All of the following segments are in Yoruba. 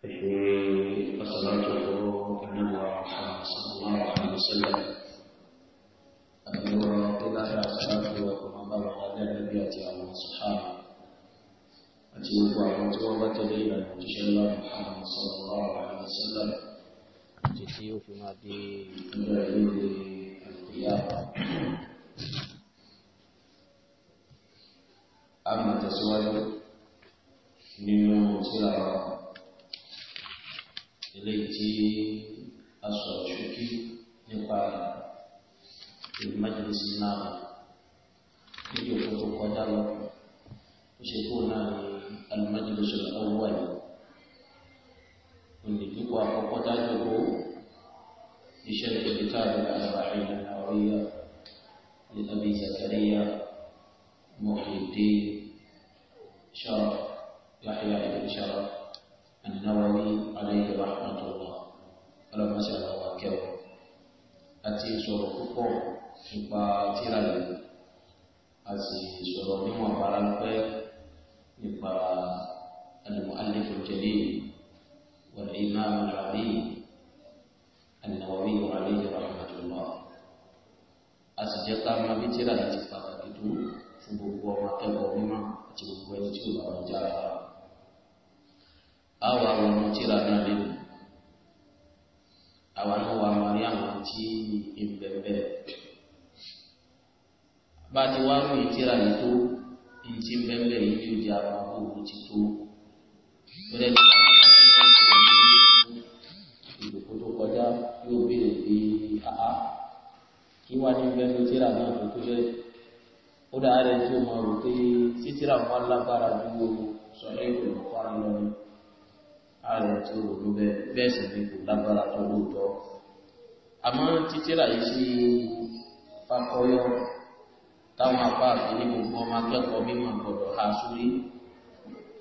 وصلاته إنما صلى الله عليه وسلم أمر إلى أخلاقه وما بلغ ذلك على الصحابة àti gbogbo àwọn tí wọ́n bá tẹ̀lé ìlànà òjíṣẹ́ ńlá Muhammad sallallahu alaihi wasallam àti tí ó fi máa di ìpínlẹ̀ lórí àgbéyà a máa tẹ̀síwájú nínú síra wa eléyìí tí a sọ̀rọ̀ ṣókí nípa ìmájèlésì náà níbi òkú tó kọjá lọ ó ṣe kó náà ní alimájèlésì ọwọ́ ẹ̀ onídùúkọ àkọ́kọ́ dájú kó iṣẹ́ ìpèkítà rẹ̀ àgbàrin àwòyá ní tàbí zakariya muhiddin sharaf yahya ibn sharaf. النووي عليه رحمة الله على مسألة وكيف أتي سورة كوكو nípa tíra yìí a sì sọ̀rọ̀ níwọ̀n bara pẹ́ nípa المؤلف الجليل والإمام العلي النووي عليه رحمة الله a sì jẹ́ ká máa bí tíra yìí ti pàtàkì tó fún gbogbo ọmọ akẹ́kọ̀ọ́ mímọ́ àti gbogbo ẹni tí ó bá wọn jára rárá àwọn àwọn ọmọ tí ra náà lè mú àwọn náà wà máa rí àwọn tí ìbẹ̀bẹ̀ bá ti wá rú ìtira yìí tó ní ti bẹ́ẹ̀ yìí yóò di àwọn àbúrò ti tó lọ́dẹ̀ tí wọ́n ti ìdòkó tó kọjá yóò béèrè pé àá kí wá ní bẹ́ẹ̀ ló tíra náà tó tó bẹ́ẹ̀ ó dáa rẹ̀ tí ó máa rò pé títí wọn lágbára ju sọ̀rọ̀ ìròyìn fara lọ́rùn ààrẹ tí ó rò bẹ́ẹ̀ bẹ́ẹ̀ sì ní kò lágbára tó lóòótọ́ àmọ́ títírà yìí sí fakọyọ táwọn apá àti ní gbogbo ọmọ akẹ́kọ̀ọ́ mímọ̀ gbọ́dọ̀ ha sórí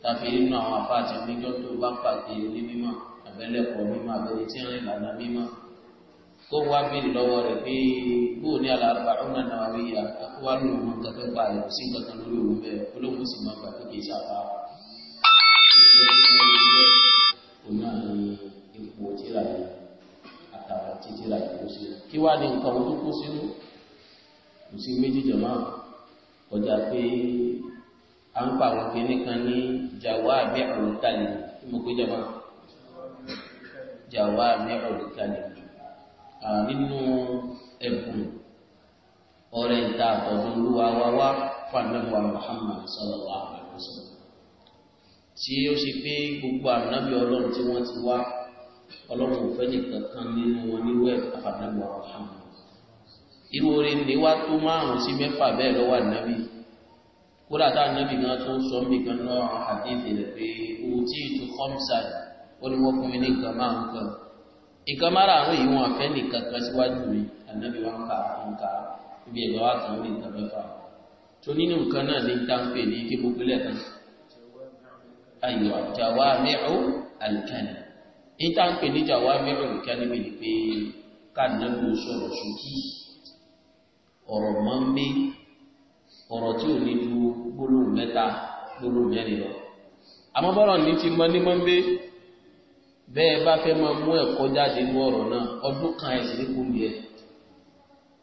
tàbí nínú àwọn apá àti níjọ́ tó bá pàdé ní mímọ̀ abẹ́lẹ́kọ̀ọ́ mímọ̀ abẹ́lẹ́ tí ń rìn lànà mímọ̀ kó wá bèèrè lọ́wọ́ rẹ̀ pé bóò ní alàgbà ọ̀nà náà rí ya kó wá lóun mọ nǹkan tó gbà rẹ̀ sí nǹkan kan lórí òun bẹ́ẹ̀ olóhùn sì máa gbà kì í sábà òun náà ní ipò tíra yìí àtàwọn tí tíra yìí kó sínú kí wá ní nǹkan tó kó sínú kò sí méjì jọmọ́ kọjá pé à ń pa àwọn kìnnì kan ní jàwá àbí àrùn kálí kí mo pé jọmọ́ jàwá àbí àrùn kálí nínú ẹ̀bùn ọ̀rẹ́ ìta àtọ̀dún wá wá fún àmẹ́wàá Muhammad sallallahu alaihi tí ó ṣe pé gbogbo ànábì ọlọ́run tí wọ́n ti wá ọlọ́run ò fẹ́ nìkan kan nínú wọn níwẹ̀ àfàdàgbà ọ̀hún. irú orin ni wá tó márùn-ún sí mẹ́fà bẹ́ẹ̀ lọ́wọ́ ànábì kódà tá ànábì náà tó ń sọ mí kan náà àdéhùn rẹ̀ pé ohun tí ìtú kọ́mísà ó ní wọ́n fún mi ní nǹkan márùn kan nǹkan márùn yìí wọn àfẹ́ nìkan kan síwájú mi ànábì wa kà ń kà ibi ẹ̀gbọ́n wa kàn ó ní nǹkan mẹ́fà ayọ̀ jawami'u al-kalim èyí tá à ń pè ní jawami'u al-kalim ni pé kánàbù sọ̀rọ̀ sókí ọ̀rọ̀ máa ń mé ọ̀rọ̀ tí ò ní ju gbólóhùn mẹ́ta gbólóhùn mẹ́rin lọ àmọ́ bọ́rọ̀ ní ti mọ ní mọ́ńbé bẹ́ẹ̀ bá fẹ́ máa mú ẹ̀kọ́ jáde ní ọ̀rọ̀ náà ọdún kan ẹ̀sìn ní kò ní ẹ̀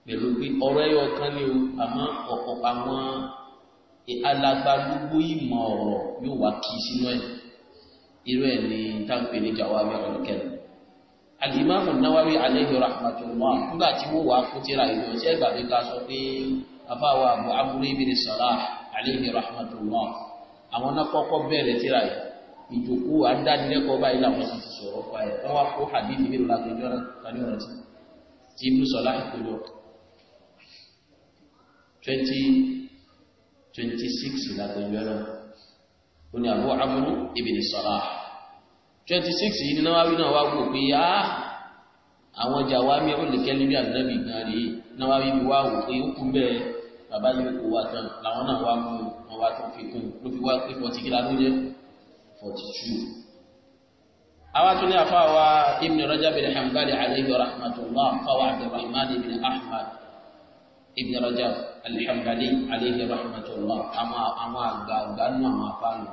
pẹ̀lú pé ọ̀rọ̀ ẹ̀yọ kan ní o àmọ́ ọ̀pọ̀ àwọn alagba gbogbo ìmọ̀ ọ̀rọ̀ yóò wá kí sínú ẹ̀ irú ẹ̀ ní táǹpẹ̀ ní jàwáwí ọ̀rọ̀kẹ́lẹ̀ alimami nawawi aleyhi rahmatullah nígbà tí wọ́n wá fún tíra ìlú ọ̀sẹ̀ ìgbàgbé ká sọ pé afáwa abu amúlé ibi ní salah aleyhi rahmatullah àwọn náà kọ́kọ́ bẹ̀rẹ̀ tíra yìí ìjòkó àdánilẹ́kọ̀ọ́ báyìí làwọn sì ti sọ̀rọ̀ pa ẹ̀ wọ́n wá kó hadith mélòó lágbèjọ́ tani ọ̀rẹ́ tí ibùsọ̀lá ìkójọ twenty 26 lágbègbè náà ó ní Abu Amru ibn Salah 26 yìí náà wáwí náà wá wò pé á àwọn jawami olùkẹ́lẹ́bí ànábì gan rèé náà wáwí bí wá wò pé ó kú bẹ́ẹ̀ bàbá yìí kò wá tán làwọn náà wá mú wọn wá tán fi kún ló fi wá pé 40 kí ládó jẹ́ 42 awatuni afawa ibn Rajab bin Hanbali alayhi rahmatullah fawa Abdurrahman bin Ahmad Ibn Rajab al-Hanbali alayhi rahmatullah àwọn àwọn àgbà àgbà nù àwọn afáàlù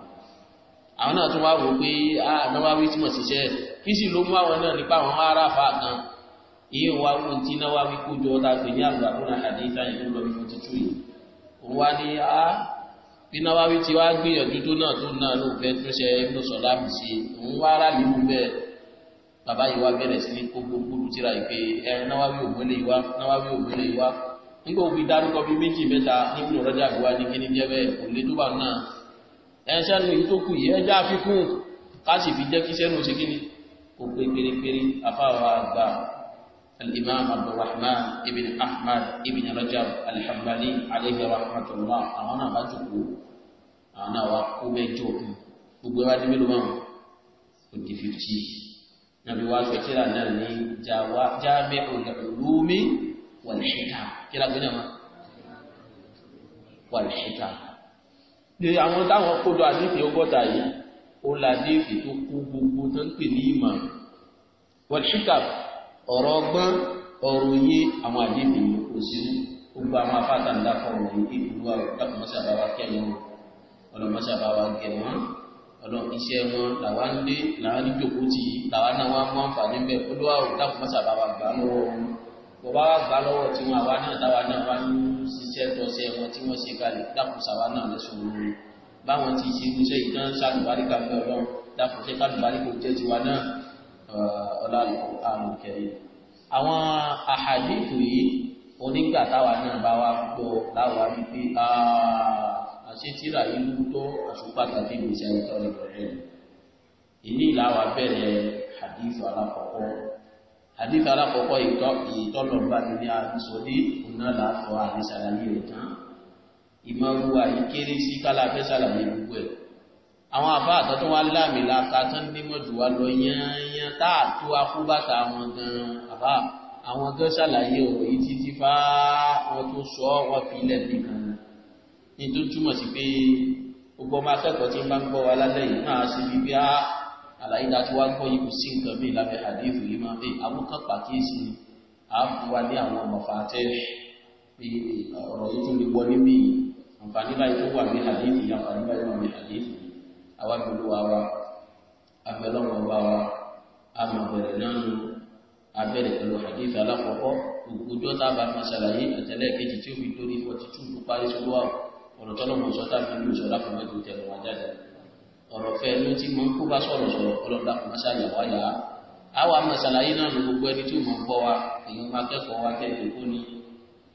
àwọn náà tún wá wò pé ah, Nawawi tí mo ṣiṣẹ́ kí sì ló mú àwọn náà nípa àwọn aráàfà kan iye wa wọn ti Nawawi kó jọ ta pè ní àgbà fúnra àdéhìtá ìlú lọ́bí forty two yìí òun wá ní a ah, bí Nawawi ti wá gbìyànjú tó náà tó náà ló fẹ́ tún ṣe Ibn Salam sí òun wá rà nínú bẹ́ẹ̀ bàbá yìí wá bẹ̀rẹ̀ sí ní kó gbogbo tíra ìpè ẹ̀ Nawawi òmìnira ìwá Nawawi òmìnira ìwá nígbà òbí dárúkọ bíi méjì mẹ́ta nínú ọ̀rọ̀jà àgbà ní kíní jẹ́ bẹ́ẹ̀ kò lè tó bá náà ẹ̀ṣẹ́ nu èyí tó kù yìí ẹjọ́ àfikún ká sì fi jẹ́ kí sẹ́nu ṣe kíní kò pé pérépéré afáwa àgbà al-imam abdulrahman ibn ahmad ibn rajab al-hanbali alayhi rahmatullah àwọn náà bá jòkó àwọn náà wá kó mẹ́jọ gbogbo ẹ wá dé mélòó márùn kò di fifty nàbí wá fẹ́ kíra náà ní jami'ul ulumi wàlẹ̀ṣẹ̀kàm kí la gbẹ́nà wọn wàlẹ̀ṣẹ̀kàm. ní àwọn táwọn kó lọ àdéhìí ọgọ́ta yìí ó la déhìí tó kó gbogbo tó ń pè ní ìmọ̀ wàlẹ̀ṣẹ̀kàm ọ̀rọ̀ ọgbọ́n ọ̀rọ̀ òye àwọn àdéhìí yìí kò sí gbogbo àwọn afáàtà ńlá fọwọ́ yìí ìlú àwọn ọlọ́mọṣẹ́ àbáwá kẹ́lẹ́ wọn ọlọ́mọṣẹ́ àbáwá gẹ̀ wọ́n ọlọ́run iṣẹ́ wọn làwa ń lé làwa ń jókòó tì í làwa náà wá mú àǹfààní bẹ́ẹ̀ olúwa ò dákun mọ́sàbáwá gbà wọn bọ̀bá wa gbà lọ́wọ́ tí wọn àwa náà táwa náà wá ń ṣiṣẹ́ tọ́sẹ̀ wọn tí wọ́n ṣe kalẹ̀ dákun sàwa náà lẹ́sùn lórí báwọn ti ṣe irúṣẹ́ yìí náà ṣàlùbárí kan fẹ́ ọlọ́run dákun ṣe kálùbárí kò jẹ́ tiwa náà ọlọ́run àrùn kẹrin. àwọn àhàdìtò yìí onígbà táwa náà bá wa gbọ́ láwa wípé àṣetíra ìlú tó àṣùpá tàbí ìgbésẹ̀ ìtọ́ni ìlú ìlú ìlà wa àdìsí alákọ̀ọ́kọ́ ìtọ́ ìtọ́lọ̀mbà ní ní àbísọ ní ọ̀nà làásọ àbísàlàyé rẹ̀ tán ìmọ̀rúwà ìkéré sí kálàfẹ́ sàlàyé gbogbo ẹ̀ àwọn àbá àtọ́tún wá láàmì láta tán nímọ̀ jù wá lọ yányán táàtó akúbàtà wọn gan àbá àwọn gan sàlàyé ọ̀rọ̀ yìí títí fá wọn tó sọ wọn fi ilẹ̀ nìkan ní tó túmọ̀ sí pé gbogbo ọmọ akẹ́kọ̀ọ́ tí ń bá ń gbọ́ wa lálẹ́ yìí náà síbi bí á àlàyé náà tí wá kọ́ yìí kò sí nǹkan bí lábẹ́ àdéhù yìí máa bẹ́ àbúkọ́ pàkíyèsí ni a fún wa ní àwọn ọmọfà tẹ́lẹ̀ pé eh, ọ̀rọ̀ yìí tún lè wọ níbí àǹfààní báyìí tó wà ní àdéhù yìí àǹfààní báyìí wà ní àdéhù yìí àwa pẹ̀lú wa wa abẹ́lọ́wọ́ wa wa a bẹ̀rẹ̀ náà abẹ́rẹ̀ pẹ̀lú àdéhù alákọ̀ọ́kọ́ ògbójọ́ tá bá fi ṣàlàyé àtẹ̀lẹ́ ọ̀rọ̀ tọ́lọ́mọ̀ sọ́tà fi lù sọ́dá fún mẹ́tò tẹ̀lé wọn ọ̀rọ̀ fẹ́ ló ti mọ kó bá sọ̀rọ̀ sọ̀rọ̀ ọlọ́dà kò má ṣàyà wáyà àwa mọ̀sálàyé náà ló gbogbo ẹni tí ò mọ̀ kọ́ wa èèyàn máa kẹ́kọ̀ọ́ wa kẹ́kọ̀ọ́ kó ni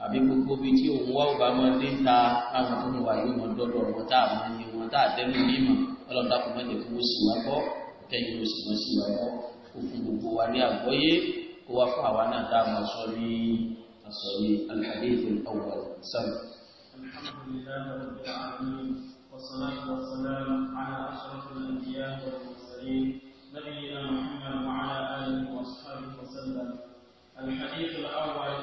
àbí gbogbo bíi tí òun wá òbá máa dé ta láwọn tó ń wà yóò mọ dọ́dọ̀ wọn tá àmọ́ iye wọn tá àtẹ́nu mímọ̀ ọlọ́dà kò má jẹ́ kó sì wá kọ́ kẹ́yìn ló sì wọ́n sì wá kọ́ kó gbogbo wa ní àgbọ́yé kó wá fún àwa náà dáa máa sọ ní àsọyé alhadith al-awwal sami. والصلاة والسلام على أشرف الأنبياء والمرسلين نبينا محمد وعلى آله وأصحابه وسلم الحديث الأول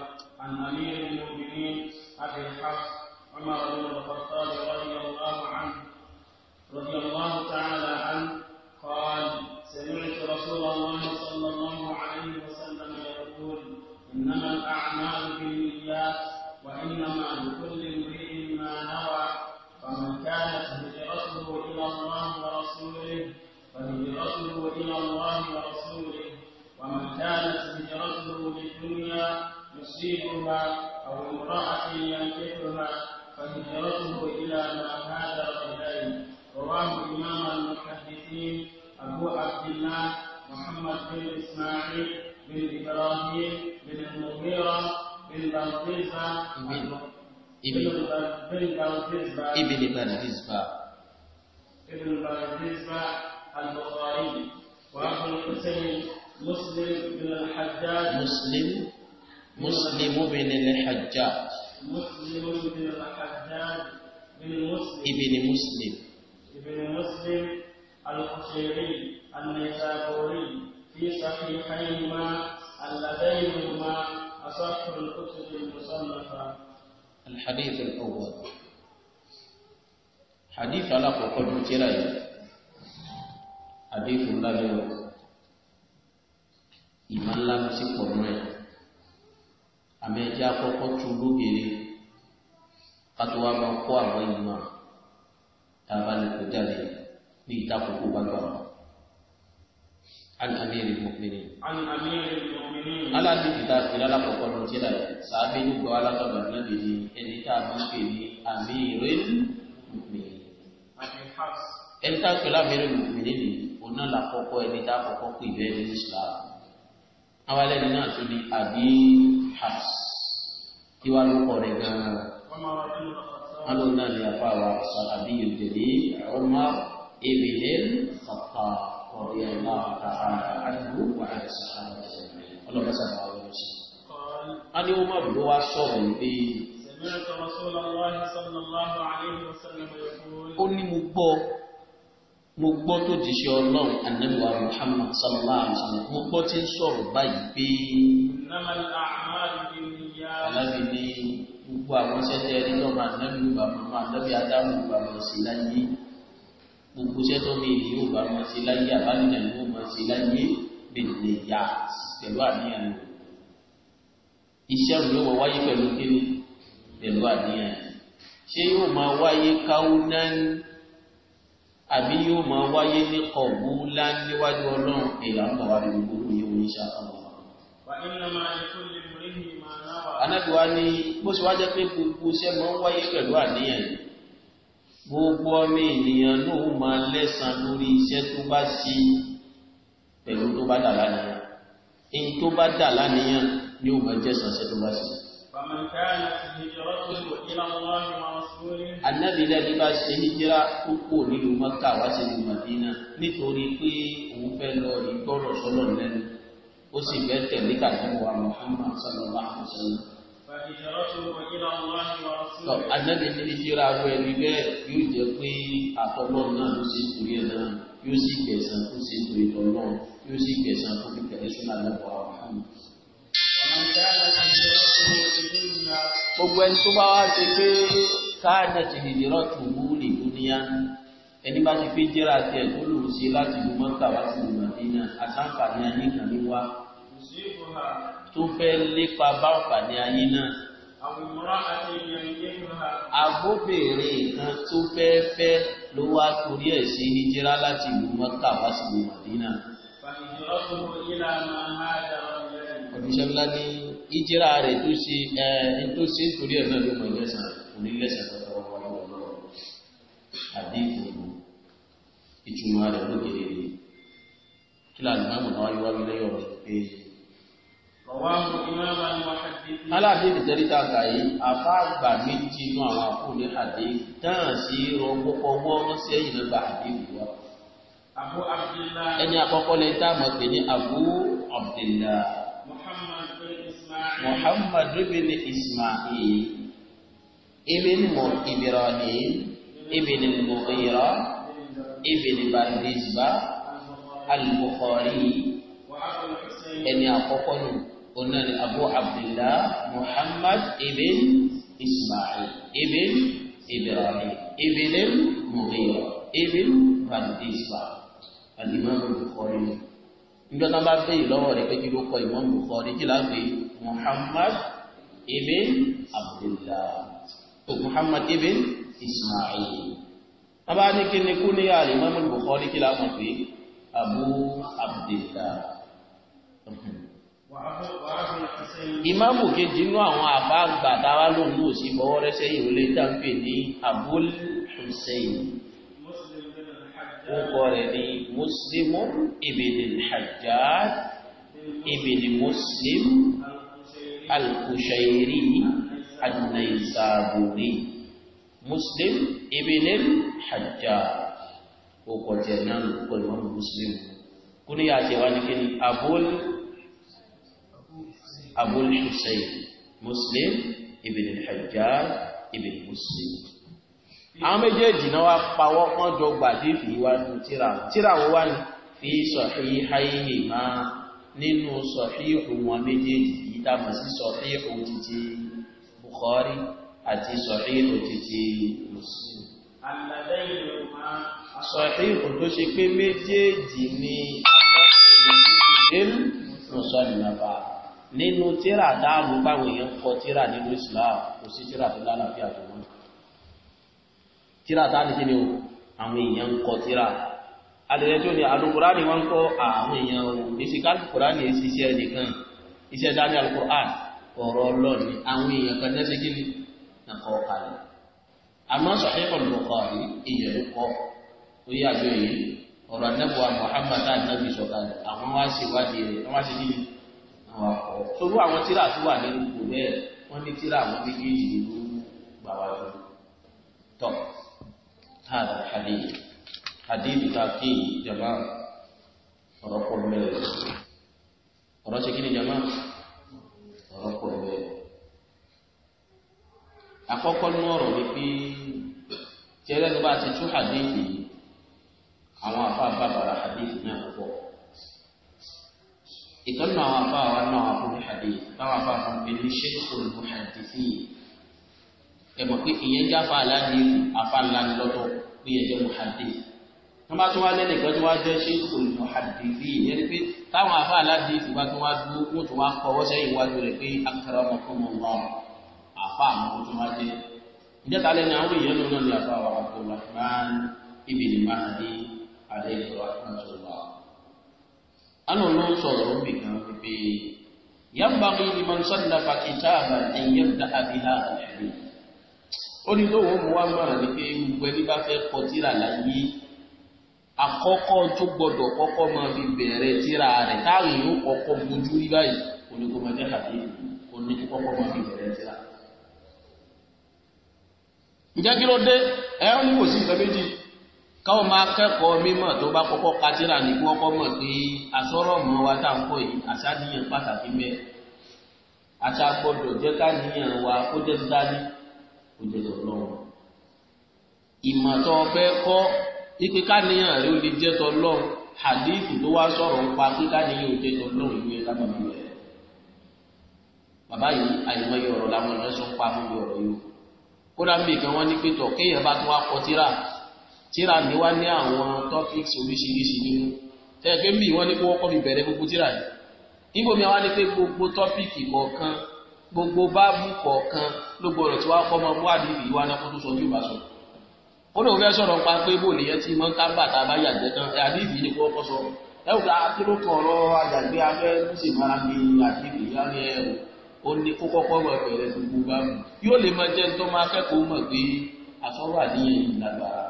عن أمير المؤمنين أبي الحفص عمر بن الخطاب رضي الله عنه رضي الله تعالى عنه قال سمعت رسول الله صلى الله عليه وسلم يقول إنما الأعمال بالنيات وإنما لكل فهجرته إلى الله ورسوله ومن كانت هجرته للدنيا يصيبها أو امرأة ينكحها فهجرته إلى ما هاجر إليه رواه إمام المحدثين أبو عبد الله محمد بن إسماعيل بن إبراهيم بن المغيرة بن بلقيسة ابن بلقيسة ابن بلقيسة ابن بلقيسة البخاري وأخو الحسين مسلم بن الحجاج مسلم مسلم بن الحجاج مسلم بن الحجاج بن مسلم ابن مسلم ابن مسلم القشيري النيسابوري في صحيحيهما اللذينهما أصح الكتب المصنفة الحديث الأول حديث على قول àdéhùn ńlá ni o ìmọ̀ ńlá ló sì pọ̀ mọ́ ẹ̀ àmì ẹ̀jẹ̀ akọ́kọ́ tu lóbìnrin kátó wá máa kó àwọn ìmọ̀ tá a bá lè kó jáde ní ìtakùkù bá gbà wọn. عن أمير المؤمنين عن أمير المؤمنين على كتاب إلى لا تقول تلا سابين قال تبع النبي إن كان في أمير المؤمنين عن حفص إن كان في أمير المؤمنين òun náà là kọ́kọ́ ẹni tá a kọ́kọ́ pè bẹ́ẹ̀ ní Islam awalẹ́ni náà tún ní àbí Hafs kí wàá lóko rẹ̀ gan-an wọn lòun náà ní apá wa sọ àbí yòjèlé ọmọ ebìnrin kàkà ọ̀rẹ́ ẹ̀ma kàkà àdúgbò wà á ti sọ ọlọ́pàá sábà wọ́n ṣe. a ní wọ́n má bùdó wá sọ̀rọ̀ níbi. sẹ̀mẹ́rẹ̀ tọ́lá sọ́lá wáyé sọ́lá wáyé àlẹ́ ìwọ̀sán lọ́mọ ẹ̀kọ́. ó ní mo gbọ́ mo gbọ́ tó ti ṣe ọlọ́run anáwó Muhammad sallallahu alayhi wa sallam mo gbọ́ tí ń sọ̀rọ̀ báyìí pé alábi ní gbogbo àwọn sẹ́tẹ̀ ẹni lọ́mọ anábì yóò bá mọ́ anábì adámù yóò bá mọ́ sí láyé gbogbo sẹ́tọ̀ mi èyí yóò bá mọ́ sí láyé àbálẹ̀ yóò mọ́ sí láyé bèlè yá pẹ̀lú àníyàn rẹ̀ iṣẹ́ òun yóò wáyé pẹ̀lú kíni pẹ̀lú àníyàn ṣé yóò máa wáyé káwọn náà àbí yóò máa wáyé ní kọ̀ọ̀bú lá níwájú ọlọ́run èyí àwọn bàbá mi gbogbo yìí wọ́n ṣe àwọn anábì wa ní bó ṣe wá jẹ́ pé gbogbo iṣẹ́ máa ń wáyé pẹ̀lú àníyàn gbogbo ọmọ ènìyàn náà ó máa lẹ́san lórí iṣẹ́ tó bá ṣe pẹ̀lú tó bá dà lánìyàn èyí tó bá dà lánìyàn ni ó máa jẹ́san iṣẹ́ tó bá ṣe. Ànábì lẹ́bi bá ṣe hijira púpọ̀ nínú Mọ́kà wá sí ìlú Màdínà nítorí pé òun fẹ́ lọ rí gbọ́rọ̀ sọ́lọ̀ lẹ́nu. Ó sì fẹ́ tẹ̀lé kàkúrò wa Muhammad sallallahu alaihi wasallam. Ànábì ní hijira awọ ẹni bẹ́ẹ̀ yóò jẹ́ pé àtọ́lọ́ náà ló ṣe torí ẹ̀ náà yóò sì gbẹ̀sán tó ṣe torí tọ́lọ́ yóò sì gbẹ̀sán tó fi tẹ̀lé sínú àlọ́ gbogbo ẹni tó bá wá ṣe pé káàdà ti lè lè rọ́ọ̀tù owó lè kú níyà ẹni bá ṣe pé jẹ́ra tiẹ̀ tó lò ó ṣe láti lu mọ́tà wá sí ìmọ̀lẹ́nà àtàǹfààní ayé kan ní wá tó fẹ́ lépa bá ọ̀fààní ayé náà. Agbóbìnrin kan tó fẹ́ fẹ́ ló wá torí ẹ̀ ṣe hijira láti lu mọ́tà wá sí ìmọ̀lẹ́nà. Òṣìṣẹ́ ńlá ní ìjìra rẹ̀ tó ṣe ẹ̀ tó ṣe nítorí ẹ̀ náà ló mọ̀ lẹ́sàn kò ní lẹ́sàn tọ́tọ́ wọn lọ́wọ́ lọ́wọ́ àdéhùn ìlú ìtumọ̀ rẹ̀ ló kéré ni kí láti máa mọ̀ náà wáyé lẹ́yọ̀ rẹ̀ pé. aláàdéhùn tẹ́lí tá a kà yìí afá àgbà méjì inú àwọn àkóòlé àdéhùn náà sí rọ pọ́pọ́ wọ́n sẹ́yìn náà gba àdéhùn wa. ẹni àkọ́kọ́ lẹ́yìn mọ̀ pé ní Abu Abdillah. محمد بن إسماعيل ابن إبراهيم ابن المغيرة ابن بندزبة البخاري ẹni àkọ́kọ́ nù ọ̀nà ni abu abdullah muhammad ibn ismail ibn ibrahim ibn mughira ibn bandisba alimami bukhari níjọ́ tán bá bẹ́ẹ̀ lọ́wọ́ rẹ̀ pé kí ló kọ ìmọ̀ bukhari kí láti Muhammad ibn Abdullah Muhammad ibn Ismail bàbá ní kí ni kú ní àlè mọ́mú Bukhari kí láwọn pé Abu Abdullah ìmáàmù kejì inú àwọn àbá àgbà táwa lòun náà sì bọ́wọ́ rẹ́sẹ̀ yìí wọlé dáńpé ní Abul Hussein orúkọ rẹ̀ ní Muslim ibn al-Hajjaj ibn الكشيري النيسابوري مسلم ابن الحجاج وقال جنان كل من مسلم كن يا جوانك أبو أبو الحسين مسلم ابن الحجاج ابن مسلم àwọn méjèèjì náà wá pawọ́ wọ́n jọ gbàdé fi wá nu tíra tíra wo wá ní fi sọ̀hí háyé má nínú sọ̀hí òun wọn méjèèjì tá a mọ̀ sí sọ̀fí òtítì Bukhari àti sọ̀fí òtítì Muslim. sọ̀fí òtó ṣe pé méjèèjì ni ìlú mùsọ̀lùmọ̀fà nínú tíra dáàbò báwọn èèyàn kọ tíra nínú Islam kò sí tíra tó lálàáfíà tó wọn. tíra táà kí ni o àwọn èèyàn kọ tíra alẹ́jọ́ ni alukura ni wọ́n kọ́ àwọn èèyàn o èsì kálukura ni èsì iṣẹ́ nìkan iṣẹ́ sáré alukur'an ọ̀rọ̀ ọlọ́ọ̀ni àwọn èèyàn kan dẹ́sẹ̀ kí ni nàkọ́ kalẹ̀ àmọ́ sọ̀hẹ́kọ̀ Bukhari èèyàn ló kọ́ ó yà jọ yìí ọ̀rọ̀ anábùwà Muhammad tá ànábì sọ̀kalẹ̀ àwọn wá sí ìwádìí rẹ̀ wọ́n wá sí kí ni àwọn akọ̀ sọ́dọ̀ àwọn tíra tó wà nínú kò bẹ́ẹ̀ wọ́n ní tíra àwọn méjèèjì ló gbà wá lọ tọ́ hàdà hadith hadith tàbí jama ọ̀rọ̀ pọ̀ mẹ́rin ọ̀rọ̀ ṣe kí ni jama ọ̀rọ̀ pọ̀ ẹ̀rẹ́ àkọ́kọ́ nú ọ̀rọ̀ ni pé tí ẹlẹ́nu bá ti tú hadithi àwọn afáfá bàrà hadithi náà pọ̀ ìtọ́nù àwọn afá wa náà wà fún hadith táwọn afá fún mi ní sheikhul muhadithi ẹ mọ̀ pé ìyẹn jáfa aláàdì afá ńlá ni lọ́tọ̀ pé ẹjẹ́ muhadithi wọ́n bá tún wá lẹ́nu ìgbọ́n tí wọ́n á jẹ́ ṣé olùmọ̀hàdìdì yẹn ni pé táwọn afá aládì ìgbà tó wá dúró wọ́n tún wá kọ́ wọ́sẹ̀ ìwádìí rẹ̀ pé akara ọmọkùnrin ọmọ afá àwọn tó wá jẹ́ ìjẹta lẹ́nu àwọn èèyàn náà ní afá àwọn Abdulrahman ibn Mahdi anu ló ń sọ̀rọ̀ ó bì kan pé yambagi liman sannafa kitaban an yabda'a biha al-hadith. ó ní lóun mú wá mọ́ra ní àkọ́kọ́ tó gbọdọ̀ kọ́kọ́ máa fi bẹ̀rẹ̀ tíra rẹ̀ táwọn yóò kọ́kọ́ bójú rí báyìí onígbọmọdé àti oníkọ́kọ́ máa fi bẹ̀rẹ̀ tíra. ǹjẹ́ kí ló dé ẹ ń wò sí nǹkan méjì káwọn máa kẹ́kọ̀ọ́ mímọ̀ tó bá kọ́kọ́ ka tíra ní kí wọ́n kọ́ mọ̀ pé àsọ̀rọ̀ mọ́ wa tá à kọ́ yìí àṣàdíyàn pàtàkì mẹ́ àti agbọ́dọ̀ jẹ́ káníyàn wa kó jẹ́ dání kó jẹ́ ipe káníyàn rẹ ó lè jẹ́ tọlọ́run hadith tó wá sọ̀rọ̀ ń pa pé káníyàn ó jẹ́ tọlọ́run ìlú ẹ̀ lábàbà rẹ̀. bàbá yìí àyùmọ̀yẹ ọ̀rọ̀ làwọn èèyàn sọ ń pa fún mi ọ̀rọ̀ yìí kódà ń bì kan wọ́n ní pé kéèyàn bá tún wá kọ tíra tíra ni wá ní àwọn topics oríṣiríṣi nínú tẹ́ẹ̀fẹ́ ń bì wọ́n ní kó wọ́n kọ́ mi bẹ̀rẹ̀ gbogbo tíra yìí níbo mi àwa ni pé gbogbo tọ́pìkì kọ̀ọ̀kan gbogbo báàbù kọ̀ọ̀kan ló gbọ́dọ̀ tí wàá kọ́ ọmọ bó àdìrí ìwà náà kó tó sọ bí ó ó lóun fẹ́ sọ̀rọ̀ pa pé bò nìyẹn ti mọ́ kábà tá a bá yàgbẹ́ tán ẹ̀ ni kò kọ́ sọ ẹ̀wù ká ah, kí ló kọ̀ ọ̀rọ̀ àjàgbé afẹ́ ló sì máa fi àdìsí lárí ẹ̀ o ó ní kó kọ́kọ́ wọ ẹ̀bẹ̀rẹ̀ gbogbo bá mu yóò lè máa jẹ́ tó máa kẹ́kọ̀ọ́ mọ̀ pé àsọ̀rọ̀ àníyàn yìí lágbára.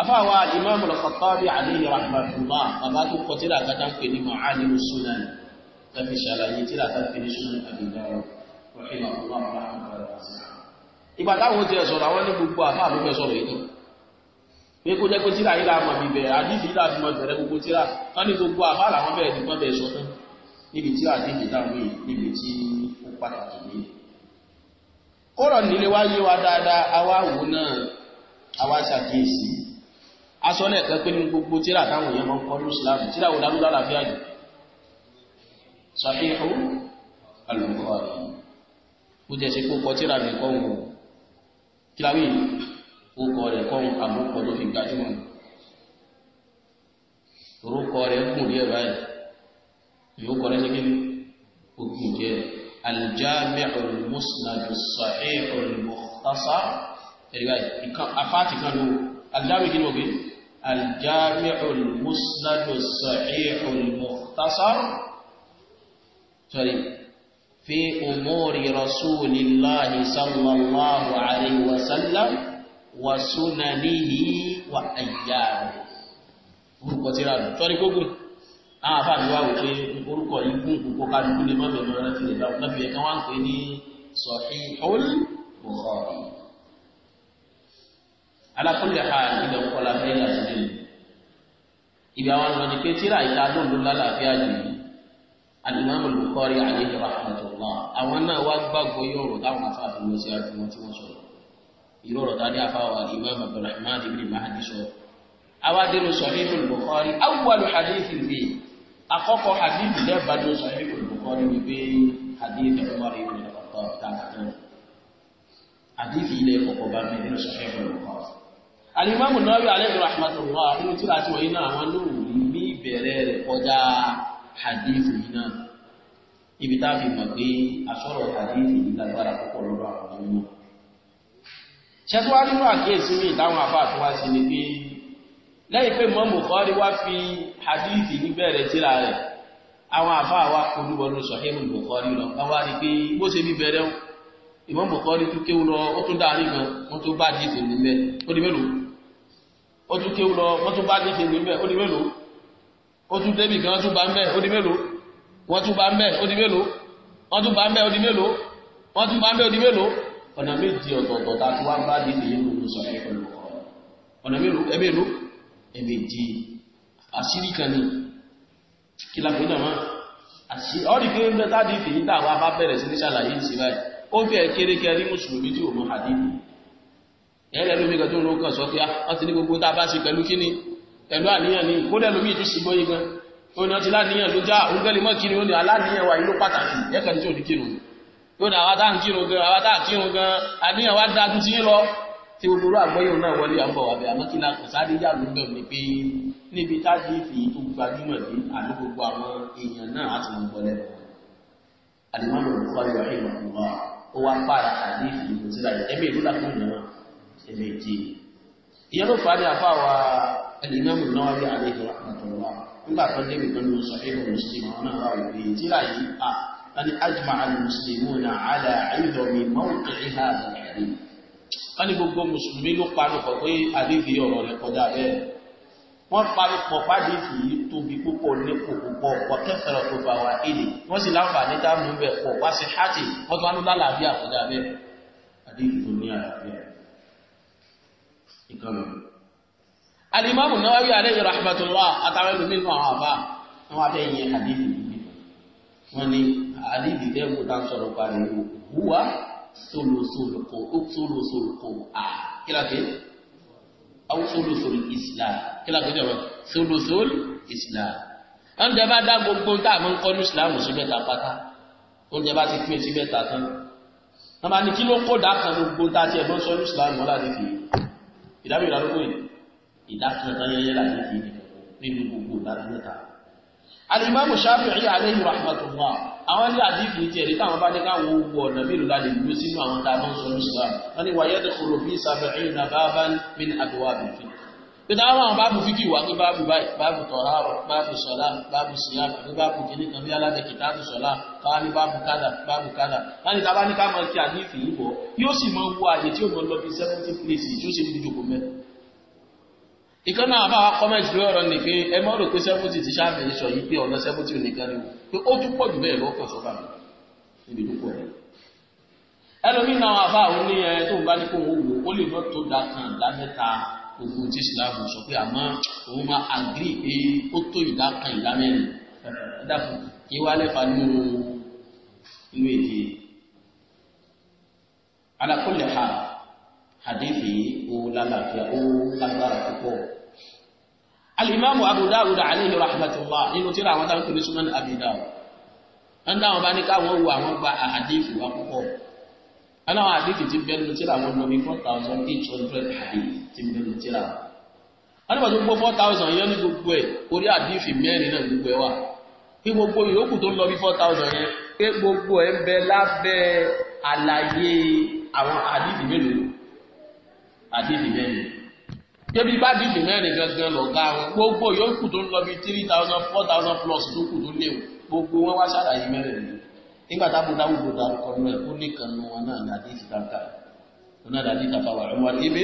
afáwa Imam al-Khattabi alayhi rahmatullah bàbá tó kọ tíra kátà pé ní Ma'alim as-Sunan tàbí ṣàlàyé ní sunan àbíjáwọ̀ rahmatullah ìgbà táwọn ti ẹ̀sọ̀rọ̀ àwọn ní gbogbo àfáà ló fẹ́ sọ̀rọ̀ yìí pé kó jẹ́ pé tíra yìí la mọ̀ bíbẹ̀ àdìsí yìí la fi mọ̀ bẹ̀rẹ̀ gbogbo tíra wọ́n ní gbogbo àfáà làwọn bẹ̀rẹ̀ ní gbọ́n bẹ̀ sọ tán níbi tí àdìsí táwọn yìí níbi tí ó pàtàkì ní. kọ́rọ̀ nílé wá yé wa dáadáa àwa wò náà àwa ṣàkíyèsí aṣọ lẹ́ẹ̀kan pé ní gbogbo tíra táwọn èèyàn máa jẹ́ sí kó kọ́ tíra mi kọ́ wọn kíláwì orúkọ rẹ̀ kọ́ àbúkọ tó fi gbajúmọ̀ orúkọ rẹ̀ gùn díẹ̀ báyìí ìyókọ rẹ̀ ṣẹ́kí ogun díẹ̀ aljami'ul musnadus sahihul mukhtasar ẹ̀ríwá afáàtì kan ló aljami kí ni ògbé aljami'ul musnadus sahihul mukhtasar sorry في أمور رسول الله صلى الله عليه وسلم وسننه وأيامه orúkọ tí ra nù sọ́rí gbógun àwọn àfáàní wà wípé orúkọ yìí gún kókó ká dúkú lè mọ́bẹ̀ẹ́ lọ́rẹ́ ti lè dáhùn lábẹ́ ẹ̀ka wá ń pè ní Sahihul Bukhari. Ala kulli hal ilẹ̀ ń kọ́ la fẹ́ yà sílẹ̀ ibi àwọn ọ̀nà ni pé tíra ìta lóòlù lálàáfíà jù yìí alimami Bukhari alayhi rahmatullah àwọn náà wá gbàgbọ́ yọrọ táwọn afáàfin lọ sí àti wọn tí wọn sọ̀rọ̀ ìrọrọ tàbí afáwà imam abdulrahman ibn mahadi sọ awadinu sọhíhù Bukhari awwalu hadithi bi akọkọ hadithi lẹbàdó sọhíhù Bukhari ni bẹ hadithi Umar ibn al-Khattab tààtà hadithi ilẹ kọkọ bá mi nínú sọhíhù Bukhari alimami Nawawi alayhi rahmatullah nínú tí a ti wọ̀nyí náà àwọn lóòrì ní ìbẹ̀rẹ̀ rẹ̀ kọjá hadith yìí náà ibi tá a fi mọ̀ pé asọ́rọ̀ hadith yìí lágbára púpọ̀ lọ́dọ̀ àwọn ọmọ náà ṣẹ́tú nínú àkíyèsí mi ìdáhùn afá sí ni pé lẹ́yìn pé mọ́mù kọ́rí wá fi hadith ní bẹ̀rẹ̀ tíra rẹ̀ àwọn afá wa kojú wọnú sọ̀hẹ́mù bùkọ́rí lọ wọ́n wá rí pé bó ṣe ní bẹ̀rẹ̀ ìmọ̀ bùkọ́rí tún kéwú lọ ó tún dáa nìkan wọ́n ó tún débì kan tún bá ń bẹ̀ ó di mélòó wọ́n tún bá ń bẹ̀ ó di mélòó wọ́n tún bá ń bẹ̀ ó di mélòó wọ́n tún bá ń bẹ̀ ó di mélòó ọ̀nà méjì ọ̀tọ̀ọ̀tọ̀ tá a ti wá bá dé nìyẹn ló ń sọ ẹ̀ pẹ̀lú ọ̀nà mélòó ẹ mélòó ẹ méjì àṣírí kan ní kí la pè náà àṣírí ọ̀rì pé ń bẹ tá a di tèyí tá a wá bá bẹ̀rẹ̀ sí ní ṣàlàyé ìṣe báyìí ó fẹ́ kéré kẹrí kàn sọ pé ah, wọ́n ti ní gbogbo tá a bá ṣe pẹ̀lú kíni pẹ̀lú àníyàn ní kódẹ̀ lómi ìtú sí gbóyí gan oná ti láníyàn ló já òǹgẹ́lẹ̀ mọ́ ni ó ní aláníyàn wà ìlú pàtàkì ẹ̀kàn tí ò ní kírun yóò ní àwátá ń kírun gan àwátá kírun gan àníyàn wá dáadú tí ń lọ tí olóró àgbọ́yẹ̀wò náà wọlé àbọ̀ àbẹ̀ àmọ́kílá ló ni pé níbi táàdì ìfì tó gbajúmọ̀ ní àní gbogbo àwọn èèyàn náà á ti mú bọ́ fà ní àfáwà الإمام النووي عليه رحمة الله nígbà tó débi صحيح sọ̀hìn mùsùlùmí ọ̀nà àwọn ìwé tíra yìí a wọ́n ni هذا alimuslimu na ala ayélujára mọ́wùkì ìhà àbẹ̀rẹ̀ wọ́n ni gbogbo mùsùlùmí ló parí pọ̀ pé àdéhì ọ̀rọ̀ rẹ̀ kọjá bẹ́ẹ̀ wọ́n parí pọ̀ fàdéhì tóbi púpọ̀ nípò púpọ̀ pọ̀ kẹfẹ̀rẹ̀ tó bá wa èlé wọ́n sì láǹfààní dáàmú bẹ̀ pọ̀ wá sí hàtì wọ́n tó wá ní lálàáfíà kọjá bẹ́ẹ̀ àdéhì tó ní àlàáfíà alimami Nawawi alayhi rahmatullah àtàwọn ẹlòmíì náà àwọn àbá àwọn abẹ́ yẹn hadithi wọn ni hadithi tẹ́ kó tá a sọ̀rọ̀ parí wúwa solosoloko solosoloko a kílàkì aw solosol islam kílàkì jọba solosol islam ẹnjẹ bá dá gbogbo tá a máa ń kọ́ ní islam síbẹ̀ tá a pátá oúnjẹ bá ti pín síbẹ̀ tá a tán nàmà ni kí ló kó dàá kan gbogbo tá a ti ẹ̀gbọ́n sọ ní islam wọn ìdákẹ́ta yẹyẹ láti fi nínú gbogbo ìdákẹ́ta. alimami shafi'i aleyhi rahmatullah àwọn ilé àdìgbì tí ẹ̀rí táwọn bá ní káwọn owó ọ̀nà mélòó la lè dúró sínú àwọn tá a máa ń sọ nísìlá wọn ni wàyẹ́ tó kúrò bí sàbẹ̀rẹ̀ na bábá mi ní àdúrà bẹ̀ fi. pété àwọn àwọn báàbù fíkì wà ní báàbù báyìí báàbù tọ̀hárọ̀ báàbù sọ̀lá báàbù síyá ní báàbù kìíní kan bí alájẹ kìtà tó sọ̀lá káwá ní ìkan náà bá wa kọ́mẹ́ntì lórí ọ̀rọ̀ ni pé ẹ mọ́ rò pé sẹ́fútì ti ṣáàfẹ́ sọ yìí pé ọ̀nà sẹ́fútì ò nìkan ni o pé ó tún pọ̀ jù bẹ́ẹ̀ lọ́kàn sọ́kà mi níbi dúpọ̀ rẹ̀. ẹlòmíín náà àbá àwọn ní ẹ tó ń bá ní kó ń wò ó lè mọ́tò dá kan dá mẹ́ta ogun tí Islam sọ pé àmọ́ òun máa àgírí pé ó tó ìdá kan ìdá mẹ́rin dákun kí wá lẹ́fà nínú inú hadithi ó lálàáfíà ó lágbára púpọ̀. alimami abu dawud alayhi rahmatulah nínú tíra àwọn táwọn kiri sunan abi dawud wọn dáhùn bá ní káwọn wo àwọn gba hadithi wa púpọ̀ wọn náà hadithi ti bẹ́ẹ̀ nínú tíra àwọn nomi four thousand eight hundred hadith ti bẹ́ẹ̀ nínú tíra wọn nígbà tó gbọ́ four thousand yẹn ní gbogbo ẹ̀ orí hadithi mẹ́rin náà gbogbo ẹ̀ wà kí gbogbo yòókù tó lọ bí four thousand yẹn pé gbogbo ẹ̀ ń bẹ lábẹ́ àlàyé àwọn hadithi mélòó àdìsí mẹ́rin débi bá dìsí mẹ́rin gangan lọ̀gá wọn gbogbo yòókù tó ń lọ bíi three thousand four thousand plus tó kù tó léwu gbogbo wọn wá ṣàlàyé mẹ́rin ni nígbà tá a bọ̀ dáwọ́ gbogbo darúkọ nínú ẹ̀ ó ní kan nu wọn náà ní àdìsí kankan wọn náà dàdí kàfà wà ẹ̀ wọn ibn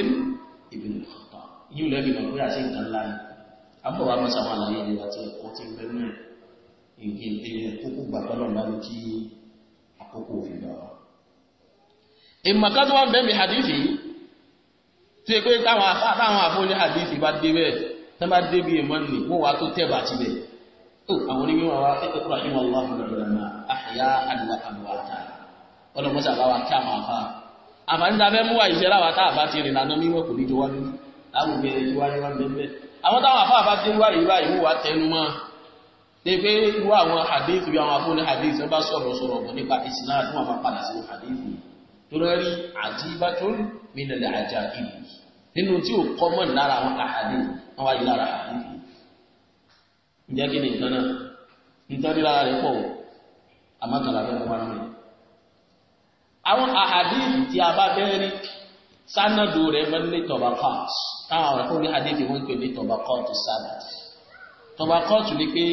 ibn Khattab yíò lẹ́bi náà pé àṣẹ nǹkan ńlá ni àbọ̀ wa mọ̀ṣá wọn àlàyé ìlera tí ẹ̀kọ́ ti ń bẹ́ẹ̀ náà nǹkan ìpínlẹ̀ kókó gbàgbọ́ náà lálẹ́ kí àkókò òfin tí pé táwọn àfọ́jú àdìsí bá dé bẹ́ẹ̀ tí wọ́n bá dé bí èèmọ́ nì wọ́n wá tó tẹ̀bà síbẹ̀ tó àwọn onímọ̀ wa ẹ̀kọ́ kúrò àyẹ̀wò àwọn afọ̀dọ̀dọ̀ náà àyà àdìwà àdìwà ta ọlọ́mọsà bá wa kí àwọn afá àǹfààní ta fẹ́ mú wa ìṣẹ́ láwa tá a bá ti rìn lànà mímọ́ kò ní jọ wá lójú láwọn òbí ẹni wá ní wá bẹ́ẹ̀ àwọn táwọn afá ní pé wọ́n àwọn hadith bí àwọn afọ́ni hadith wọ́n bá sọ̀rọ̀ sọ̀rọ̀ bọ̀ nípa ìsìnlá àti wọn bá padà sí hadith torí àjíbátún min al-ajaib nínú tí ò kọ́ mọ́ lára àwọn àhàdì wọn wáyé lára àhàdì ǹjẹ́ kí ni nǹkan náà nítorí lára rẹ̀ pọ̀ àmọ́ kàlà fẹ́ wọn rẹ̀ àwọn àhàdì tí a bá fẹ́ rí sánàdù rẹ̀ mọ́ ní tọ̀bàkọ́t táwọn àwọn akọ́ni àdéhùn wọn ń pè ní tọ̀bàkọ́t sábà tọ̀bàkọ́t ni pé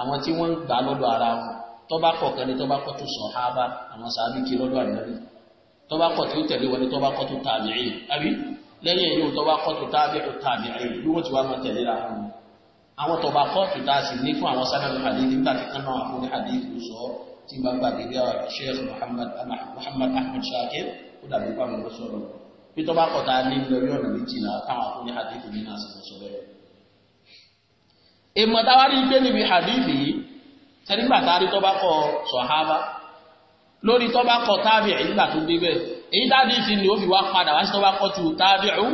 àwọn tí wọ́n ń gbà lọ́dọ̀ ara wọn tọ́ba kọ̀ọ̀kan ni tọ́ba kọ́ tó sàhábà àwọn sàábì kí lọ́dọ̀ àdínàbì tọ́ba kọ̀ tí tẹ̀lé wọn ni tọ́ba kọ́ tó tàbí lẹ́yìn èyí tó bá kọ́tù tábí tó tàbí àyè bí wọ́n ti wá máa tẹ̀lé ra wọn àwọn tó bá kọ́tù tá a sì ní fún àwọn sábẹ́ hadith nígbà tí kan náà fún hadith ló sọ tí bá gbàgbé bí àwọn sheikh muhammad muhammad ahmed shakir ó dàbí pa àwọn sọ̀rọ̀ bí tó bá kọ́tà ní lórí ọ̀nà méjì náà táwọn fún hadith ní náà sì bẹ́ẹ̀. èèmọ̀ táwa rí gbé níbi hadith yìí èyí tábí sí ni ó fi wá padà wá sí tó bá kọ́tù tábìrù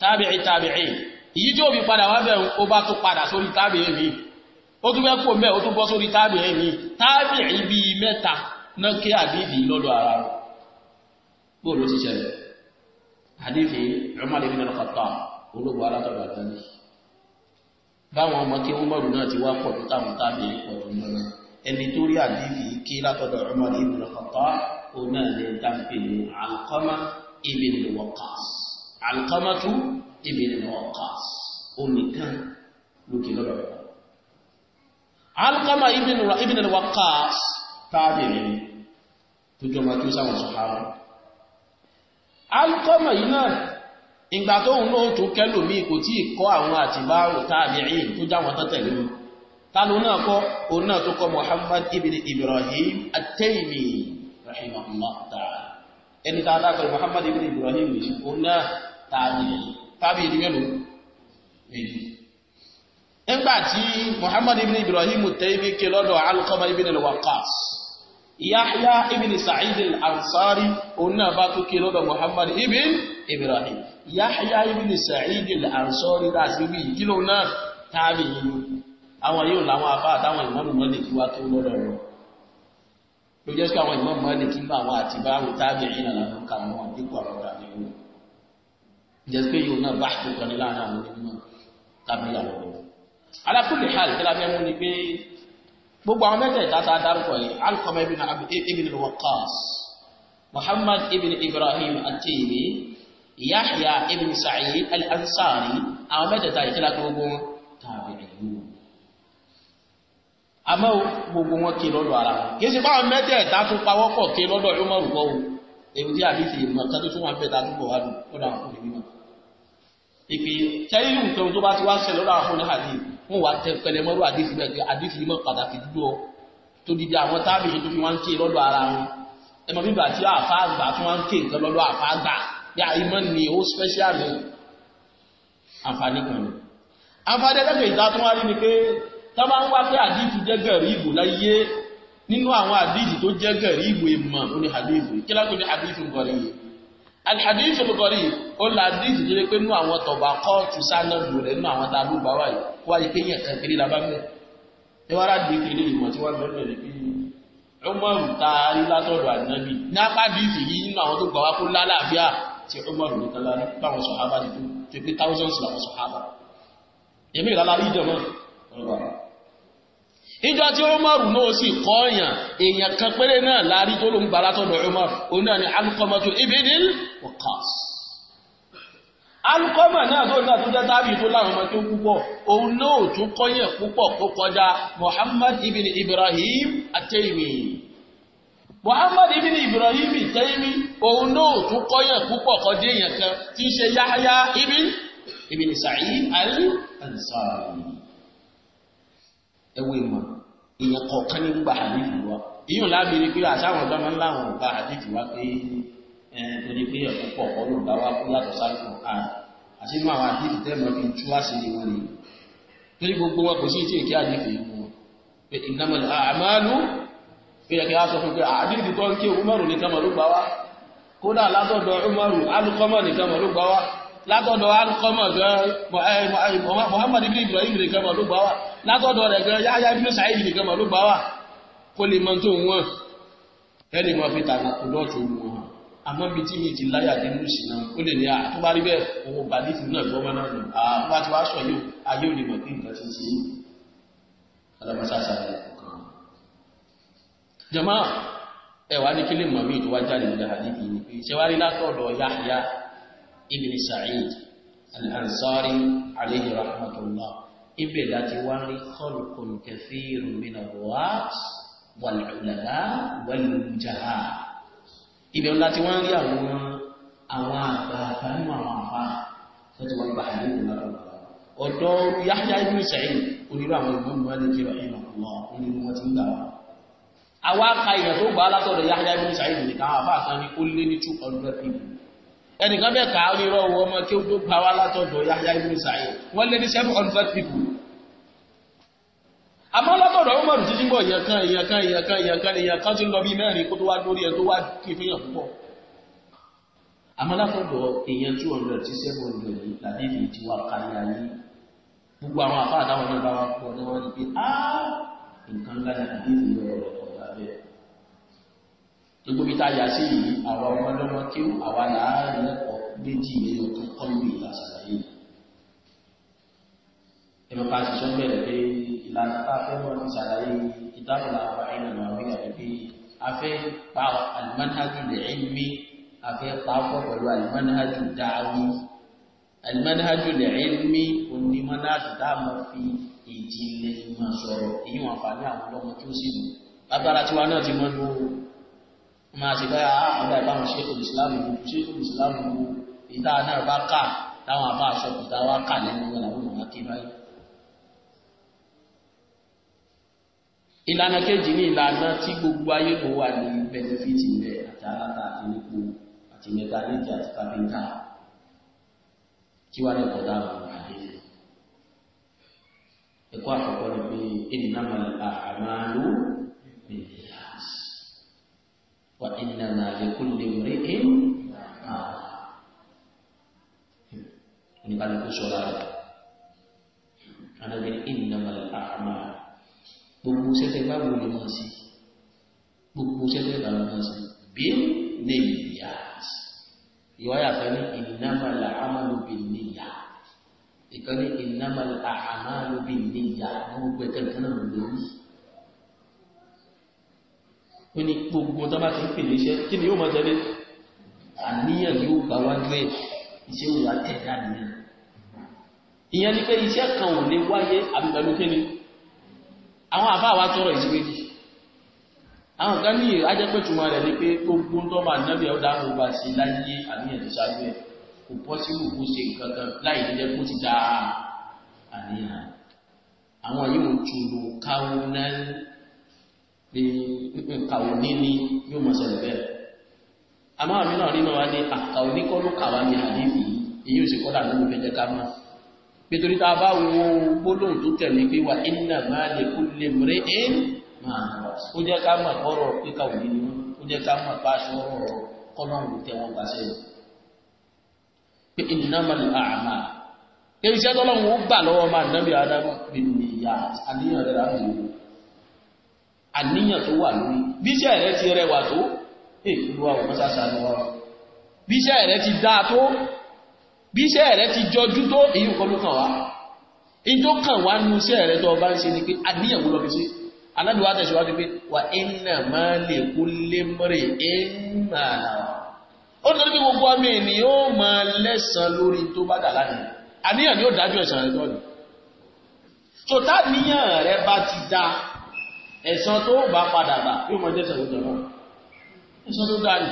tábìrì tábìrì èyí tí ó fi padà wá bẹ̀rù ó bá tún padà sórí tábìrì mi ó tún bẹ́ kó mẹ́ ó tún bọ́ sórí tábìrì mi tábìrì bíi mẹ́ta náà ké àdífì lọ́dọ̀ ara rẹ̀ bó ló ti ṣẹlẹ̀ àdífì Umar ibn al-Khattab ológun òun náà ní dáńpé ní Alqama ibn Waqqas Alqamatu ibn Waqqas onìkan lókè lọ́dọ̀ rẹ̀ Alqama ibn Waqqas táàbì rẹ̀ tó jọmọ tó sáwọn sọ̀hárá Alqama yìí náà ìgbà tó ń lóhun tó kẹ́lòmí kò tí ì kọ́ àwọn àtìbáwò táàbìrín tó jáwọn tọ́tẹ̀lé wọn náà kọ́ òun náà tó kọ́ Muhammad ibn Ibrahim at rahimahullah ta'ala ẹni tá a dákọ̀ muhammad ibn ibrahim yìí òun náà tààbí tààbí ìdí mélòó méjì nígbà tí muhammad ibn ibrahim tẹ́ẹ̀bí ké lọ́dọ̀ alqama ibn al-waqas yahya ibn sa'id al-ansari òun náà bá tó ké lọ́dọ̀ muhammad ibn ibrahim yahya ibn sa'id al-ansari láti bí ìkìlọ̀ náà tààbí àwọn yóò làwọn afá àtàwọn kí wá tó lọ́dọ̀ rẹ̀ ló jẹ́ sí àwọn ìmọ̀ mọ́lẹ̀ kí bá àwọn àti bá àwọn tábì ìrìn àlà ló ń ka àwọn àdínkù àwọn ọ̀rọ̀ àmì wò jẹ́ pé yóò náà bá àtúntò ní láàrin àwọn onímọ̀ tàbí àwọn ọ̀rọ̀ alákùnrin hàn kí la fẹ́ mú ni pé gbogbo àwọn mẹ́tẹ̀ẹ̀ta tá a dárúkọ yìí Alqama ibn al-Waqqas Muhammad ibn Ibrahim at-Taymi Yahya ibn Sa'id al-Ansari àwọn mẹ́tẹ̀ẹ̀ta yìí kí gbogbo wọn àmọ́ gbogbo wọn ké lọ́dọ̀ ara wọn kì í ṣe báwọn mẹ́tẹ̀ẹ̀ta tún pawọ́ pọ̀ ké lọ́dọ̀ Umaru gbọ́ o èyí tí àfihàn ìmọ̀ kan tó tún wọn fẹ́ ta tún bọ̀ wá dùn lọ́dọ̀ àwọn fúnni mímọ́. ìpè sẹ́yìn nǹkan tó bá ti wá ṣẹlẹ̀ lọ́dọ̀ àwọn fúnni hadith wọn wà tẹ pẹlẹmọ́rú àdìsí bẹ́ẹ̀ pé àdìsí mọ́ pàtàkì dúró tó dìde àwọn táàbì tó fi wọn ké lọ́dọ̀ ara wọn ẹ mọ̀ bíbà tí àfa àgbà tí wọn ké nǹkan lọ́dọ̀ àfa àgbà bí àìmọ́ ni ó tó bá ń wá pé àdìsí jẹ́ gẹ̀rí ìbò láyé nínú àwọn àdìsí tó jẹ́ gẹ̀rí ìbò ìmọ̀ ó ní àdìsí kí lákòó ní àdìsí nǹkọ̀rí yìí àdìsí nǹkọ̀rí yìí ó la àdìsí tó yẹ pé nínú àwọn tọ̀bà kóòtù sáná lò rẹ̀ nínú àwọn tábú bá wáyé kó wáyé pé yẹn kan kiri labá mẹ́ ẹ wá rádi kiri ìmọ̀ tí wọ́n bẹ̀rẹ̀ rẹ̀ bíi Umaru ta látọ̀dọ̀ ànábì ní apá yìí nínú àwọn tó gbà wá kó lálàáfíà ti Umaru nìkan lára báwọn sọ̀hábà ti tó ti pé thousands làwọn sọ̀hábà èmi ìlàlá rí jẹ̀ mọ́ ìjọ tí Umaru náà sì kọ́ ọ̀yàn èèyàn kan péré náà láàrin tó ló ń gbàrà tọ̀dọ̀ Umaru òun náà ni Alqamatu ibnil Waqqas Alqama náà tó náà tó jẹ́ tábìlì tó láwọn ọmọ tó púpọ̀ òun náà tún kọ́yàn púpọ̀ kó kọjá Muhammad ibn Ibrahim at Muhammad ibn Ibrahim at òun náà tún kọ́yàn púpọ̀ kọjá èèyàn kan tí í ṣe Yahya ibn ibn Sa'id al-Ansari ẹwé mọ̀ èèyàn kọ̀ọ̀kan ní gba àdìsí wa èyí ò lábìrì pé àtàwọn ọ̀dọ́ máa ń láwọn gba àdìsí wa pé torí pé ẹ̀kọ́ pọ̀ kọ́ ló gbà wá kó yàtọ̀ sáàkù àn àti inú àwọn àdìsí tẹ́lẹ̀ fi tú àṣírí wọn ni torí gbogbo wọn kò sí ìtì ìkí àdìsí wọn pé ìdámọ̀lẹ̀ àmàlú pé ẹ̀kẹ́ á sọ fún pé àdìsí tó ń kí Umaru nìkan mọ̀ ló gbà wá kódà látọ̀dọ̀ Umaru látọ̀dọ̀ alukọ́mọ̀ gan eh, eh, Muhammad ibn Ibrahim nìkan mọ̀ ló gbà látọ̀dọ̀ rẹ̀ gan Yahya ibn Sa'id nìkan mọ̀ ló gbà kó lè mọ tó ń wọ̀n ẹni fi àmọ́ bí tí mi ti láyà lùsì náà ó lè ní àtúbárí bẹ́ẹ̀ bàdí fún náà gbọ́mọ́ náà àwọn àti ayé alamasa kan jama ẹwà ní kí lè mọ̀ mí ibn Sa'id al-Ansari alayhi rahmatullah ibẹ̀ láti wá rí khalqun kathirun min ar-ru'at wal-ulama wal-mujaha ibẹ̀ láti wá rí àwọn àwọn àgbà àfáàmù àwọn àfá tó ti wọ́n gba àdéhùn lọ́dọ̀ ọ̀dọ́ Yahya ibn Sa'id onírú àwọn ìmọ̀ mọ́ ní kí rahim allah onírú wọn ti ń gbà wá àwa ka ìyàn tó Yahya ibn Sa'id nìkan àfáà kan ní ó lé ní two ẹnìkan bẹ́ẹ̀ kà á ní irọ́ owó ọmọ kí ó tó gba wá látọ̀dọ̀ Yahya ibn Sa'id wọ́n lé ní seven hundred people. àmọ́ látọ̀dọ̀ ó mọ̀rù títí ń bọ̀ èèyàn kan èèyàn kan èèyàn kan èèyàn kan èèyàn kan ti lọ bí mẹ́rin kó tó wá lórí ẹ̀ tó wá kí fẹ́yàn púpọ̀. àmọ́ látọ̀dọ̀ èèyàn two hundred sí seven hundred yìí tàbí èmi ti wá kárí ayé gbogbo àwọn àfáà táwọn náà bá wá pọ̀ ní wọ́n ní pé á nǹkan ńlá ni àbí ìlú ọ̀rọ̀ gbogbo ibi tá a yà sí yìí àwa ọmọdọ́mọ kí àwa náà lẹ́kọ̀ọ́ méjì nínú tó kọ́ lórí ìlàsàlà yìí. ẹ̀rọ ká ṣiṣọ́ bẹ̀rẹ̀ pé ìlànà tá a fẹ́ mọ́ ní ṣàlàyé ìdáhùn àwọn ìlànà àwọn ìyàwó pé a fẹ́ pa àlùmọ́nájú rẹ̀ ẹ̀mí a fẹ́ pa fọ́ pẹ̀lú àlùmọ́nájú dáwí. àlùmọ́nájú rẹ̀ ẹ̀mí onímọ́nájú dáàmú fi ìjìnlẹ̀ ìmọ̀ sọ̀rọ̀ máa ṣe ah, báyà àgbà ìbáwọn ṣéèkù ìsìlámù ìlú ṣéèkù ìsìlámù ìlú ìta náà bá kà táwọn àbá aṣọ kùtà wá kà lẹ́nu wọn làwọn ò wá ké báyìí. ìlànà kejì ní ìlànà tí gbogbo ayé ló wà ní bẹnifíìtì rẹ àti aláta àti nípò àti mẹkáníìkì àti kápẹ́ńtà kí wàá lè kọ́dá àwọn àdéhùn. ẹ̀kọ́ àkọ́kọ́ ni pé ènìyàn máa àmàlú nìyẹn. وإنما لكل امرئ ما ini pada kusola anabi innamal a'mal gbogbo sẹsẹ bá wo ni wọn sí gbogbo sẹsẹ bá wọn sí bí ní ìyá ìwà yàtọ̀ ní innamal a'malu bin niyyah ìkànnì innamal a'malu bin niyyah wọn gbogbo Buku nǹkan náà lórí wọ́n ní gbogbo tó bá ti ń pè ní iṣẹ́ kí ni yóò mọ̀ tẹ́lẹ̀ àníyàn yóò bá wájú ẹ̀ iṣẹ́ òun wá tẹ̀ dáàbò ní. ìyẹn ni pé iṣẹ́ kan ò lè wáyé àbí kí ni àwọn àbá wa tọrọ ìsíwéjì àwọn kan ní ajẹ́pẹ̀tùmọ̀ rẹ̀ ni pé gbogbo tó bá nábì ọ̀dà àwọn ọba sí láyé àníyàn ìṣáájú ẹ̀ kò bọ́ sínú kó ṣe nǹkan kan láì nílẹ̀ kó ti dáa àníyàn àwọn yìí ò tún lò káwọn náà ní kàwé níní yóò mọ̀ sẹ́lẹ̀ bẹ́ẹ̀ àmọ́ àmì náà nínú wa ní àkàwé ní kọ́ ló kàwá ní àdéhìí èyí ò sì kọ́ dànù ló fẹ́ jẹ́ ká mọ̀ nítorí tá a bá wo gbólóhùn tó tẹ̀lé pé wà iná máa lè kú lè mèrè é máa ó jẹ́ ká mọ̀ ọ̀rọ̀ pé kàwé ní wọn ó jẹ́ ká mọ̀ pàṣẹ ọ̀rọ̀ kọ́lọ́hùn tẹ wọn pàṣẹ pé ìnáma máa nábì àníyàn tó wà lórí bí iṣẹ́ rẹ ti rẹwà tó èkúrú eh, àwọn mọ́sáṣá ni wọ́n bí iṣẹ́ rẹ ti dáa tó bí iṣẹ́ rẹ ti jọjú tó èyí nǹkan ló kàn wá in tó kàn wá nu iṣẹ́ rẹ tó bá ń ṣe ni pé àníyàn wọ́n lọ fi ṣe aládùn wa tẹ̀síwájú pé wà iná máa lè kú lémọ́rẹ̀ iná ó lọ níbi gbogbo ọmọ ènìyàn ó máa lẹ́sàn lórí tó bá dà lánàá àníyàn ni ó dájú ẹ̀sán rẹ lọ́nà so táníyàn ẹ̀san tó bá padà gbà yóò mọ jẹ́ sọ̀rọ̀ jọ̀wọ́ ẹ̀san tó dáa ni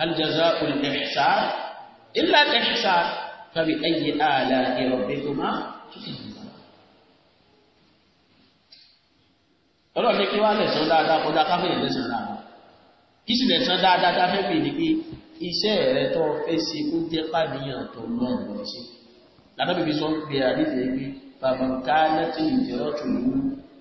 alìjẹsà olùdẹ̀ẹ̀sà ilà dẹ̀ẹ̀sà fàbí ẹ̀yẹ àlà ẹ̀rọ bẹ́gbọ́mà ọlọ́run ní kí wá lẹ̀san dáadáa kọjá káfíń lẹ̀san dáadáa kí sì lẹ̀san dáadáa tá a fẹ́ pè ní pé iṣẹ́ rẹ tó fẹ́ ṣe kó jẹ́ pàdéyàn tó lọ́rùn lọ́sí látàbí fi sọ pé àdéhùn ẹgbẹ́ bàbá ká lẹ́tìn ìjẹ́rọ̀ tó lóyún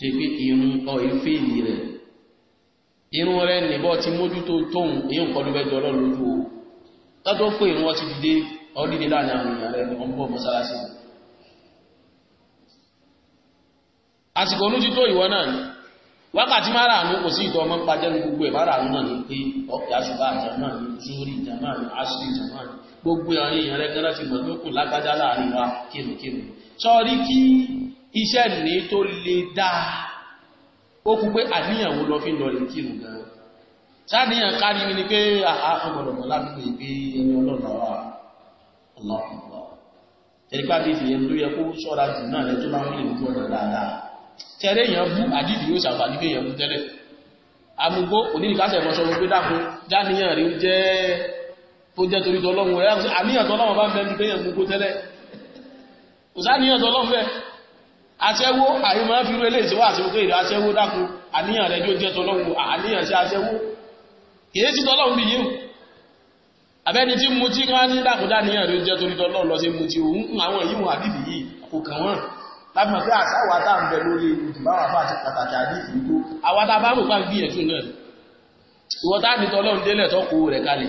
ṣe pé irun ọ ife yìí rẹ̀ irun rẹ̀ nìbọ̀ ti mójútó tóun èyí nǹkan ló fẹ́ jọ ọlọ́run lójú o tọ́tọ́ pé irun ọ ti dìde ọ dìde láàrin àwọn èèyàn rẹ̀ wọ́n bọ̀ mọ́sálásí àsìkò ọdún ti tó ìwọ náà ni wákàtí má ràánú kò sí ìtọ́ ọmọ ń pajẹ́ ní gbogbo ẹ̀ má ràánú náà ní pé ọ̀kẹ́ àṣùbà àjàmá ní zúrí ìjàmá ní aṣírí ìjàmá ní gbogbo àwọn èèyàn rẹ̀ gẹ́rẹ́ ti mọ̀ iṣẹ́ ní tó le dáa ó kú pé àníyàn wo lọ fi lọ rìn kírun gan sáníyàn kárí mi ni pé àá ọgbọ̀dọ̀ mọ̀ ládùúgbò ìgbé ẹni ọlọ́run àwa ọlọ́run lọ tẹ̀lípá bíi ìyẹn tó yẹ kó sọ́ra jù náà lẹ́jọ́ máa ń lè ní ọ̀dọ̀ dáadáa tẹ̀lé èèyàn bú àdìdì yóò ṣàǹfààní pé èèyàn bú tẹ́lẹ̀ amúgbó onídìkásẹ̀ mọ́ṣọ́ gbogbo dákun jáníyàn rí jẹ́ tó jẹ́ torí tọ́lọ́run rẹ̀ àníyàn tọ́lọ́run bá ń bẹ́ẹ̀ aṣẹ́wó àyíma fi rú ilé ìṣẹ́wó àṣẹ́wó kéèrè aṣẹ́wó dákun àníyàn rẹ̀ yóò jẹ́ tọ́lọ́run àníyàn sí aṣẹ́wó kìí sí tọ́lọ́run bí yíò abẹ́ni tí mú tí wọ́n ní dákun dáníyàn rẹ̀ jẹ́ torí tọ́lọ́run lọ sí mú tí òun àwọn yìí wọn àdìdì yìí kò kàn wọ́n láti mọ̀ pé àṣàwọ̀ àtà ń bẹ lórí ìdìbáwà fà àti pàtàkì àdìdì yìí tó àwọn tá a bá mú pa gbìyànjú náà ìwọ tá ní tọ́lọ́run délẹ̀ tọ́kù rẹ̀ kalẹ̀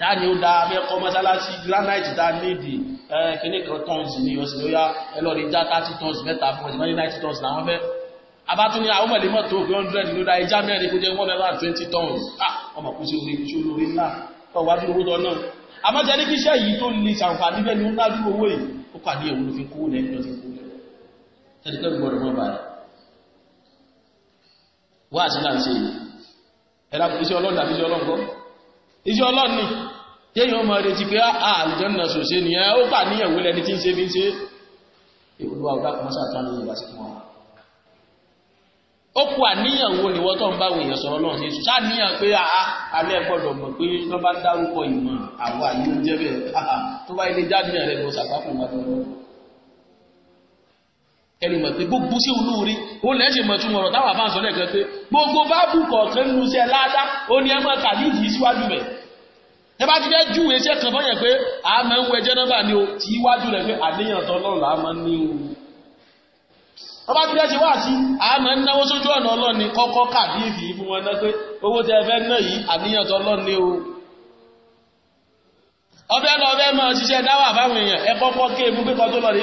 tá da abẹ́kọ́ kíní kan tons ní ọ̀sẹ̀ lóyá ẹlọ́ọ̀dì já thirty tons mẹ́ta fún ọ̀sẹ̀ mẹ́rin ninety tons làwọn fẹ́ Abatuni àwọn ọmọdé mọ́tò three hundred ló da ẹja mẹ́rin kó jẹ́ one hundred and twenty tons ah, ọmọ kò sí orí iṣẹ́ olórí ńlá ọwọ́ adúlọ owó tọ́ náà àmọ́jẹ́ ní kíṣẹ́ yìí tó lè ṣàǹfààní bẹ́ẹ̀ ni ó ń dájú owó yìí ó pàdé ẹ̀wọ̀n ló fi kó lẹ́yìn lọ́sẹ̀ kó lẹ́yìn ni téèyàn ọmọ rẹ ti pé ah, ah, àlùjọ náà ṣòṣe nìyẹn ó bà níyàwó lẹni tí ń ṣe bí ń ṣe ìwúlò àwọn ọ̀dàkùn mọ́sá tó ń lè wá sí fún wa. ó kú àníyànwó ni wọ́n tó ń bá àwọn èèyàn sọ̀rọ̀ lọ́hùn ṣe ṣàníyàn pé ah, alẹ́ gbọ́dọ̀ mọ̀ pé wọ́n bá dárúkọ ìmọ̀ àwọn àyè ń jẹ́ bẹ́ẹ̀ tó bá ilé jáde rẹ̀ lọ sàkákùn wá lọ́wọ́. ẹni mọ̀ pé gbogbo sí olóore ó lẹ́ ṣe mọ̀ túmọ̀ ọ̀rọ̀ táwọn àbá ẹ bá ti fẹ́ ju iṣẹ́ kan bọ́yàn pé a máa ń wẹ jẹ́nàbà ni o tí iwájú rẹ̀ pé àníyàn tọ́lọ́run là á máa ń ní o. wọ́n bá ti fẹ́ ṣe wá sí a máa ń náwó sójú ọ̀nà ọlọ́run ni kọ́kọ́ kàdíìfì fún wọn náà pé owó tẹ fẹ́ ná yìí àníyàn tọ́lọ́run ni o. ọbẹ̀ lọ ọbẹ̀ máa ṣiṣẹ́ dáwà fáwọn èèyàn ẹ kọ́kọ́ ké ebú pé kọ́tó lọ́ọ̀rì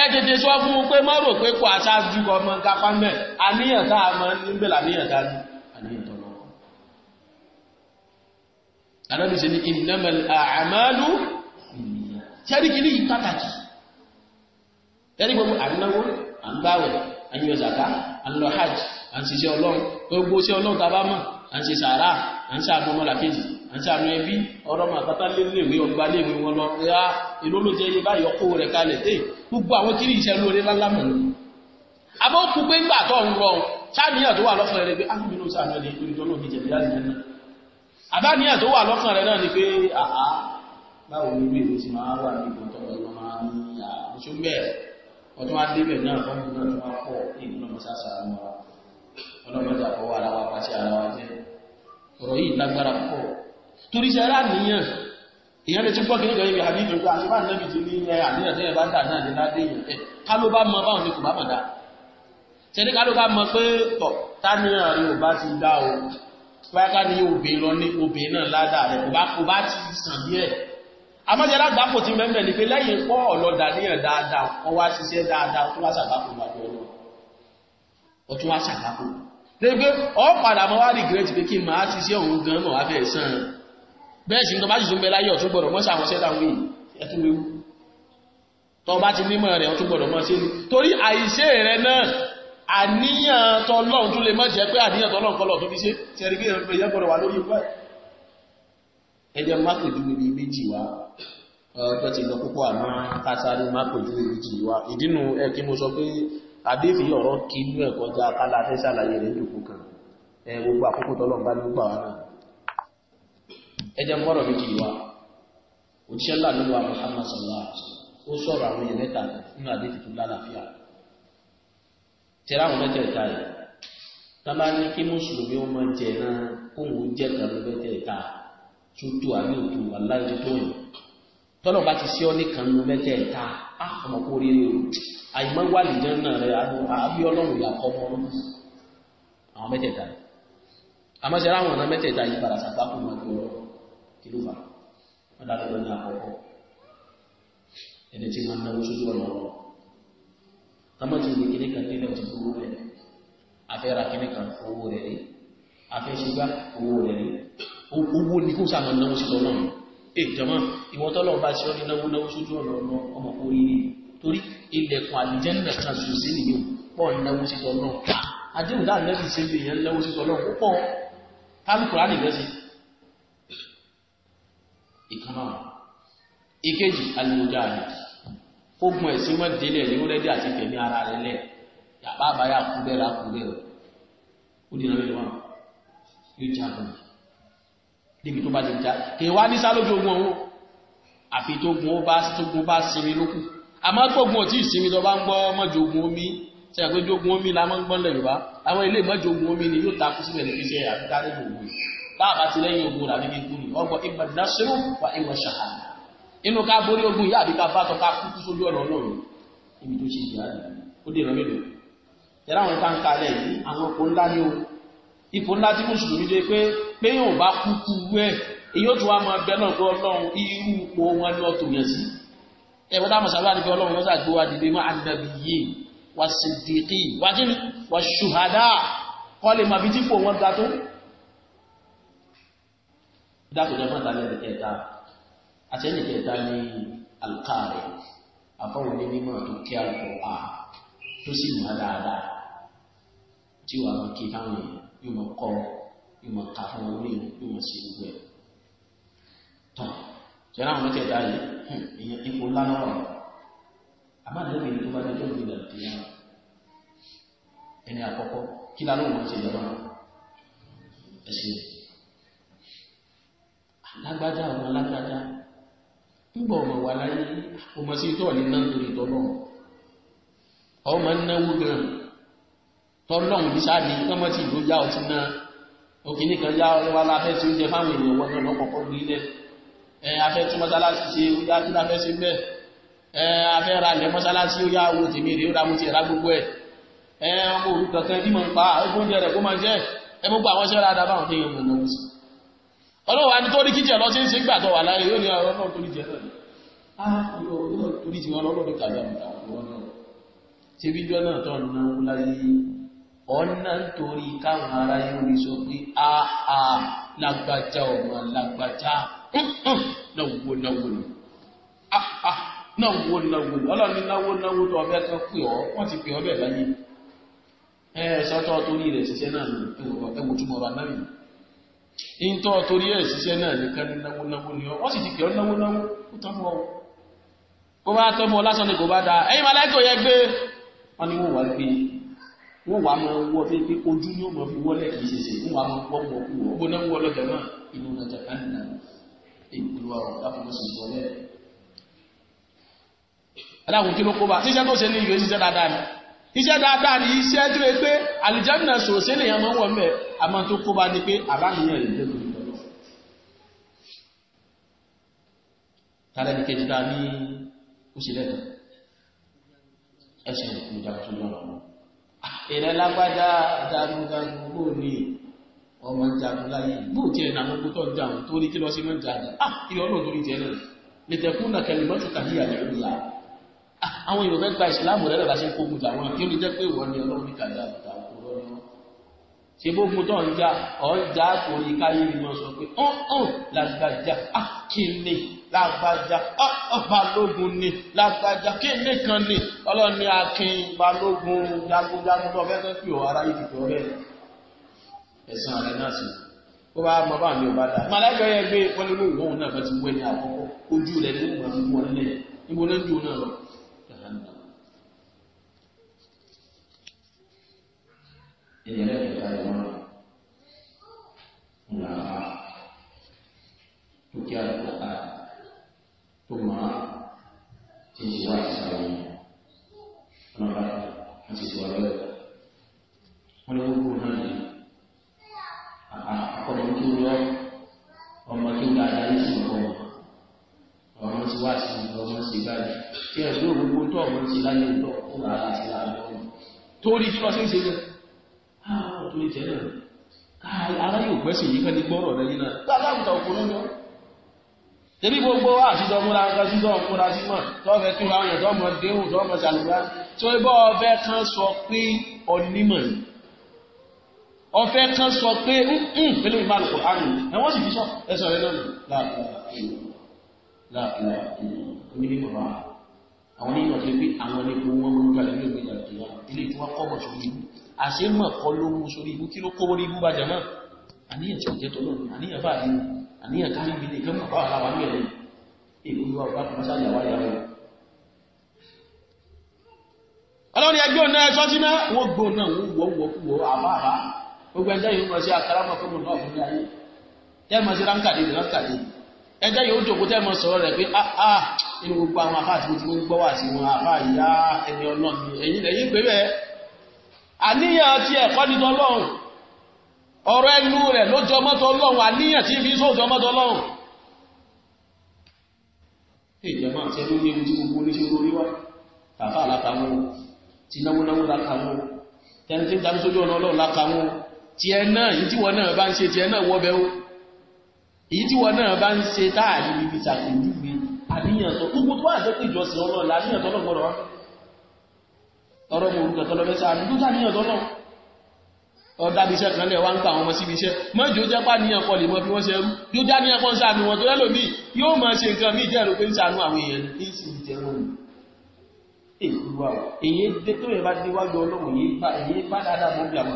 ẹ tètè sọ fún un pé má rò pé kò aṣáájú ọmọ kápá ń bẹ àníyàn tá a mọ níbẹ̀ làníyàn tá a ní àníyàn tó lọ́wọ́. àdọ́bí ṣe ní innamal a'malu sẹ́rí kìíní yìí pàtàkì ẹni gbogbo ànáwó àgbáwẹ̀ àyíyọ zaka àlọ hajj à ọlọ́run gbogbo ṣe ọlọ́run tá a bá kejì àti àwọn ẹbí ọ̀rọ̀ màkátà léléèwé ọgbà léèwé wọn lọ ẹ á èló ló jẹ yín báyìí ọkọ rẹ kalẹ̀ dé gbogbo àwọn kiri iṣẹ́ lóore lálámù ni. àbọ̀ kú pé ńgbà tó ń rọ sáàníyàn tó wà lọ́kàn rẹ pé á ah, ló sàánú ẹni oníjọ́ náà fi jẹ̀bi láti jẹ́ àbáníyàn tó wà lọ́kàn rẹ náà ni pé àá báwo ni bí èmi ti máa wà ní ìgbọ̀ntọ́ ọ̀rọ̀ máa ń yà àṣọ bẹ́ẹ̀ ọdún wa débẹ̀ náà fọ́nmù náà tó wá pọ̀ ní ìlú ọmọ sáà sàánú wa ọlọ́mọdé àkọ́wọ́ ara wa pàṣẹ ara wa ọ̀rọ̀ yìí lágbára pọ̀ torí ṣe rá nìyàn èèyàn lè tún gbọ́ kíní kan ibi àbíbi pé àṣìbá nàbì ti ní ẹ àníyàn tẹ́yẹ bá dà náà ní ládé yẹn ẹ ká ló bá mọ báwọn ni kò bá mọ̀ dá ṣẹ́ni ká ló bá mọ pé tọ̀ táníyàn rẹ ò bá ti dá o báyà ká ní obìnrin lọ ní obìnrin náà ládàá rẹ kò bá kò bá ti sàn bí ẹ̀ àmọ́jẹ́ aládàápò ti mẹ́mẹ́ ni pé lẹ́yìn pọ́ ọ̀lọ́dà níyàn dáadáa wọ́n wá ṣiṣẹ́ dáadáa tó wá ṣàgbákò lọ́dọ̀ ọ̀rọ̀ ó tún wá ṣàgbákò. lẹ́gbẹ́ ọ̀ padà mọ́ wá rí gírẹ́tì pé kí n máa ṣiṣẹ́ òun gan bẹ́ẹ̀ sì ń tọ́ba sì tún bẹ láyé ọ̀tún gbọ́dọ̀ mọ́ sàwọn ṣẹ́ táwọn yìí ẹtún léwu tọ́ba ti nímọ̀ rẹ̀ ọ̀tún gbọ́dọ̀ mọ́ sí ni torí àìṣe rẹ̀ náà àníyàn tọlọ́run tún lè mọ̀ jẹ́ pé àníyàn tọlọ́run kọlọ̀ tó fi ṣe ṣẹ́rí bí ẹ̀yẹ́ gbọ́dọ̀ wà lórí ìwé ẹ̀jẹ̀ mákòjúwe bíi méjì wá ọjọ́ ti lọ púpọ̀ àmọ́ kásáré mákòjúwe méjì wá ìdínú ẹ kí mo sọ pé àdéhùn ọ̀rọ̀ kí inú ẹ̀kọ́ já kálá fẹ́ ṣàlàyé rẹ̀ dùkú kan ẹ gbogbo àkókò tọlọ́run bá ní gbà wá náà ẹjẹ mọ́rọ̀ méjì wá òṣìṣẹ́ lànàwà Muhammad sallallahu alaihi wasallam ó sọ̀rọ̀ àwọn èèyàn mẹ́ta nínú àdéhùn tó lálàáfíà tẹ̀lé àwọn mẹ́tẹ̀ẹ̀ta yìí tábà ní kí mùsùlùmí ó máa jẹ náà kóhùn jẹ́ tàbí mẹ́tẹ̀ẹ̀ta tútù àbí òtù aláìjọ tó yàn tọ́lọ̀ bá ti sí ọ nìkan nínú mẹ́tẹ̀ẹ̀ta á ọmọ kó rí rí àyìnbá wà lè náà rẹ àbí ọlọ́run yà kọ́ mọ́ àwọn mẹ́tẹ̀ẹ̀ta àmọ́ sẹ́ra àwọn ọ̀nà mẹ́tẹ̀ẹ̀ta yìí padà sàgbákùn máa fi ọ̀rọ̀ kí ló fà wọ́n dá lọ́dọ̀ ní àkọ́kọ́ ẹni tí wọ́n náwó sójú ọ̀nà ọ̀rọ̀ tọ́mọ̀ tí ìwé kíní kan nílẹ̀ ti gbowó rẹ̀ afẹ́ ra kíní kan owó rẹ̀ rí afẹ́ ṣùgbá owó rẹ̀ rí owó ní kó sáà náwó sí lọ́nà ẹ̀ jọmọ́ ìwọ́n tọ́lọ̀ bá ṣe ọ́ ní náwó náwó sójú ọ̀nà ọ̀nà ọmọ orí rí torí ilẹ̀kùn àlìjẹ́nà kan sùn sí nìyí pọ̀ náwó sí lọ́nà àdéhùn dáàbẹ̀ẹ́sì ṣe bí èèyàn náwó sí lọ́nà púpọ̀ kálukùrá nìgbẹ́sì ìkànnà ìkejì al-mujahid fógun ẹ̀sìn wọn délẹ̀ ní wọ́lẹ́dẹ́ àti tẹ̀mí ara rẹ̀ lẹ̀ yàbá àbáyà kúbẹ̀rẹ̀ àkúbẹ̀rẹ̀ ó dì náà lọ́wọ́ yóò já lọ débi tó bá ti já kì í wá ní sálójú ogun ọ̀hún àfi tó gun ó bá tó gun bá sinmi lókù àmọ́ tó gun ọ̀tí ìsinmi tó bá ń gbọ́ mọ́jogun omi ṣe àpéjogun omi la máa ń gbọ́ lẹ̀ Yorùbá àwọn ilé mọ́jogun omi ni yóò takú síbẹ̀ ní fi ṣe àfikárẹ́gbògun yìí báàbá ti lẹ́yìn ogun rà níbi kú ọgbọ ìmọ̀ nasiru wa ìmọ̀ ṣahada inú ká borí ogun yìí àbí ká bá tọ́ ká kú sójú ọ̀nà ọlọ́run ibi tó ṣe jìyà rẹ̀ ó dè rán mélòó yàrá àwọn ìta ń kalẹ̀ yìí àwọn ipò ńlá ni o ipò ńlá tí mùsùlùmí dé pé pé yóò bá kú kú wẹ́ èyí ó tún wá máa bẹ náà gbọ́ ọlọ́run irú ipò wọn ni ọ̀tò yẹn sí ẹ̀wọ́n táwọn sábà ní pé ọlọ́run wọn dákòjọ́ fún àtàlẹ́ ẹ̀dẹ̀ kẹta àtẹ́lẹ̀ kẹta ní alkaare àfọwọ́ ní mímọ́ tó kí àlùkò a tó sì mọ́ dáadáa tí wàá mọ kí táwọn èèyàn yóò mọ kọ́ yóò mọ kà fún orí yóò mọ sí gbogbo ẹ̀ tán ṣẹlẹ àwọn mẹ́tẹ̀ẹ̀ta yìí ìyẹn ipò ńlá náà wà àbájáde tó bá dé tó ń ẹni àkọ́kọ́ kí lálẹ́ òun ti yọ̀ náà lágbájá ọmọ lágbájá ńgbọ ọmọ wà láyé ọmọ sí tó ní náà torí tọ náà ọmọ náwó gan tọlọ́hún ní sáàdì tọmọ tí ìlú yá ọtí náà òkìní kan yá ọwọ́ aláfẹ́ tí ó jẹ fáwọn èèyàn wọn náà kọ́kọ́ gbé ilẹ̀ ẹ afẹ́ tí mọ́sálásí ṣe ó yá kí láfẹ́ sí bẹ́ẹ̀ ẹ afẹ́ ra ilẹ̀ mọ́sálásí ó yá owó tèmi rèé ó ra mo ti ra gbogbo ẹ̀ ẹ ọmọ òru kankan bí ń pa oúnjẹ rẹ̀ kó máa jẹ́ ẹ gbogbo àwọn iṣẹ́ rẹ̀ adábáwọn téèyàn mọ̀ náà ọlọ́wà ní tó rí kíjẹ lọ sí ń sígbà tó wà láàrin yóò ní ọ̀rọ̀ náà torí jẹ náà ah, torí jẹ wọn lọ́lọ́dún tàbí àmúta wọn náà ṣe bí jọ náà tọ́ ọ̀nà láyé ọ̀nà torí káwọn ará yóò rí sọ pé àà ah, ah, lágbájá ọmọ lágbájá mm, mm, náwó náwó ni náwó náwó ni ọlọ́ni náwó náwó tó ọbẹ̀ kan pè ọ́ wọ́n ti pè ọ́ bẹ̀ láyé ẹ sọ́tọ́ torí rẹ̀ ṣiṣẹ́ náà ẹ̀wọ̀ túnmọ̀ ọ̀rọ̀ in tó torí ẹ̀ síṣẹ́ náà ní kan náwó náwó ni ọ wọ́n sì ti pẹ̀ ọ́ náwó náwó ó tán fún ọ bó bá tán fún ọ lásán ni kò bá dáa ẹ̀yin màláìkò yẹ gbé wọn ni wọ́n wà gbé wọ́n wà máa wọ́ fi pé ojú ni ó mọ̀ fi wọ́lẹ̀ kì í ṣe ṣe wọ́n wà máa wọ́ wọ́ kú wọ́n gbóná wọ́ lọ́jà náà inú ọjà kan nà ìgbìlúwa ọ̀ láfọwọ́sì ìwọlẹ̀ aláwọ̀ kí ló kó bá tíṣẹ́ tó ṣe ní ìwé ṣiṣẹ́ dáadáa ni iṣẹ́ dáadáa ni iṣẹ́ àmọ́ tó kó bá ní pé àbámiyàn rẹ̀ ló lórí tààrẹ ní kejì dáa ní òṣìlẹ́tọ̀ ẹ̀sìn ìjàmbá tó lọ́rọ̀ wọn ìrẹ́ ah, lágbájá jagunjagun bó ní ọmọ jagun láyé bó tiẹ̀ ní àwọn gbótọ́ jagun tó ní kí lọ sí mọ́ jagun ah ìyọ́ náà torí tiẹ̀ náà lè tẹ̀kún náà kẹlẹ̀ mọ́tò tàbí àjẹ́ ìlà ah, àwọn Yorùbá gba ìsìlámù rẹ̀ lọ́la ṣe ń kó gbùdà wọn kí ó ní jẹ́ pé ìwọ ni Ọlọ́run ṣe bó gun tó ń jà ọ̀ ń jà torí káyé ni wọ́n sọ pé ọ̀hún làgbàjà àkìlè làgbàjà balógun ni làgbàjà kíni kan ni ọlọ́ni akin balógun jagunjagun tó fẹ́ fẹ́ fi ọ̀ ara yìí fìfẹ́ ọ̀rẹ́ ẹ̀sán rẹ̀ náà sì ó bá mọ bá mi ò bá dà màláìka yẹn gbé wọlé lóyún òun náà fẹ́ ti wẹ́ ní àkọ́kọ́ ojú rẹ̀ ní ìgbà fún wọn lẹ̀ níbo ló ń ju náà lọ. ẹni tí wọ́n ṣe ń ṣe bẹ́ẹ̀ tó lè jẹ́ náà ah, ara yóò gbẹ́sìn yìí kán ní gbọ́rọ̀ rẹ yìí náà láàbùtà òkúrú náà tẹbi gbogbo àṣìṣọ múra nǹkan sísọ múra símọ tó fẹ́ tún láwọn tó mọ déhùn tó mọ ṣàlùbá tó ibọ ọfẹ kan sọ pé onímọ̀ ni ọfẹ kan sọ pé ń pẹ̀lú ìbálòpọ̀ àrùn ẹ wọ́n sì fi sọ ẹsọ rẹ náà láàbùlà onímọ̀ àwọn onímọ̀ tó pé àwọn ẹni kò wọ́n mú gbàlẹ́ àṣẹ mọ̀ kọ́ ló mú sórí ibú kí ló kó orí ibú bàjẹ́ náà àníyàn tí ó jẹ́ tọ́lọ́ àníyàn bá àyè àníyàn kárí ibi lè kẹ́mọ̀ bá ara wa ní ẹ̀rẹ́ èlú wa bá kọ́ sáyà wá yà wọ́n. ọlọ́run ẹgbẹ́ ọ̀nà ẹ̀ṣọ́ sí mẹ́ wọ́n gbọ́ náà wọ́n wọ́ wọ́ kú wọ́ àbá àbá gbogbo ẹjẹ́ yìí mọ̀ sí àkàràmọ̀ kọ́mọ̀ náà àníyàn ti ẹ̀kọ́ nínú ọlọ́run ọ̀rọ̀ ẹnu rẹ̀ ló jọ mọ́tò ọlọ́run àníyàn tí fi ń sóòjọ mọ́tò ọlọ́run. ìjọba àti ẹni ní ewu tí gbogbo oníṣòro rí wá tàfà látàwọn tí náwónáwó látàwọn tẹni tí ń darí sójú ọ̀nà ọlọ́run látàwọn tí ẹ náà èyí tí wọn náà bá ń ṣe tí ẹ náà wọ́ bẹ́ẹ̀ o èyí tí wọn náà bá ń ṣe táàrí ibi ṣàpèjúwe àníyàn tó gbogbo tó wà jẹ́ pé ìjọsìn ọlọ́run àníyàn tó lọ́ ọ̀rọ̀ mò ń kẹ̀kẹ́ lọ́fẹ́ sáà dúdú sàníyàn tọ́lọ́ ọ̀dàbí iṣẹ́ kan lẹ̀ wá ń pa àwọn ọmọ síbi iṣẹ́ mọ́jì ó jẹ́ pà níyàn kọlì mọ́ fi wọ́n ṣe ẹrú yóò já níyàn kan sáàmì wọn tó lẹ́lò míì yóò máa ṣe nǹkan míì jẹ́rù pé ń sàánú àwọn èèyàn ní sì ń jẹ́ wọn. èyíwá èyí dé tó yẹn bá dé wájú ọlọ́run èyí bá èyí bá ló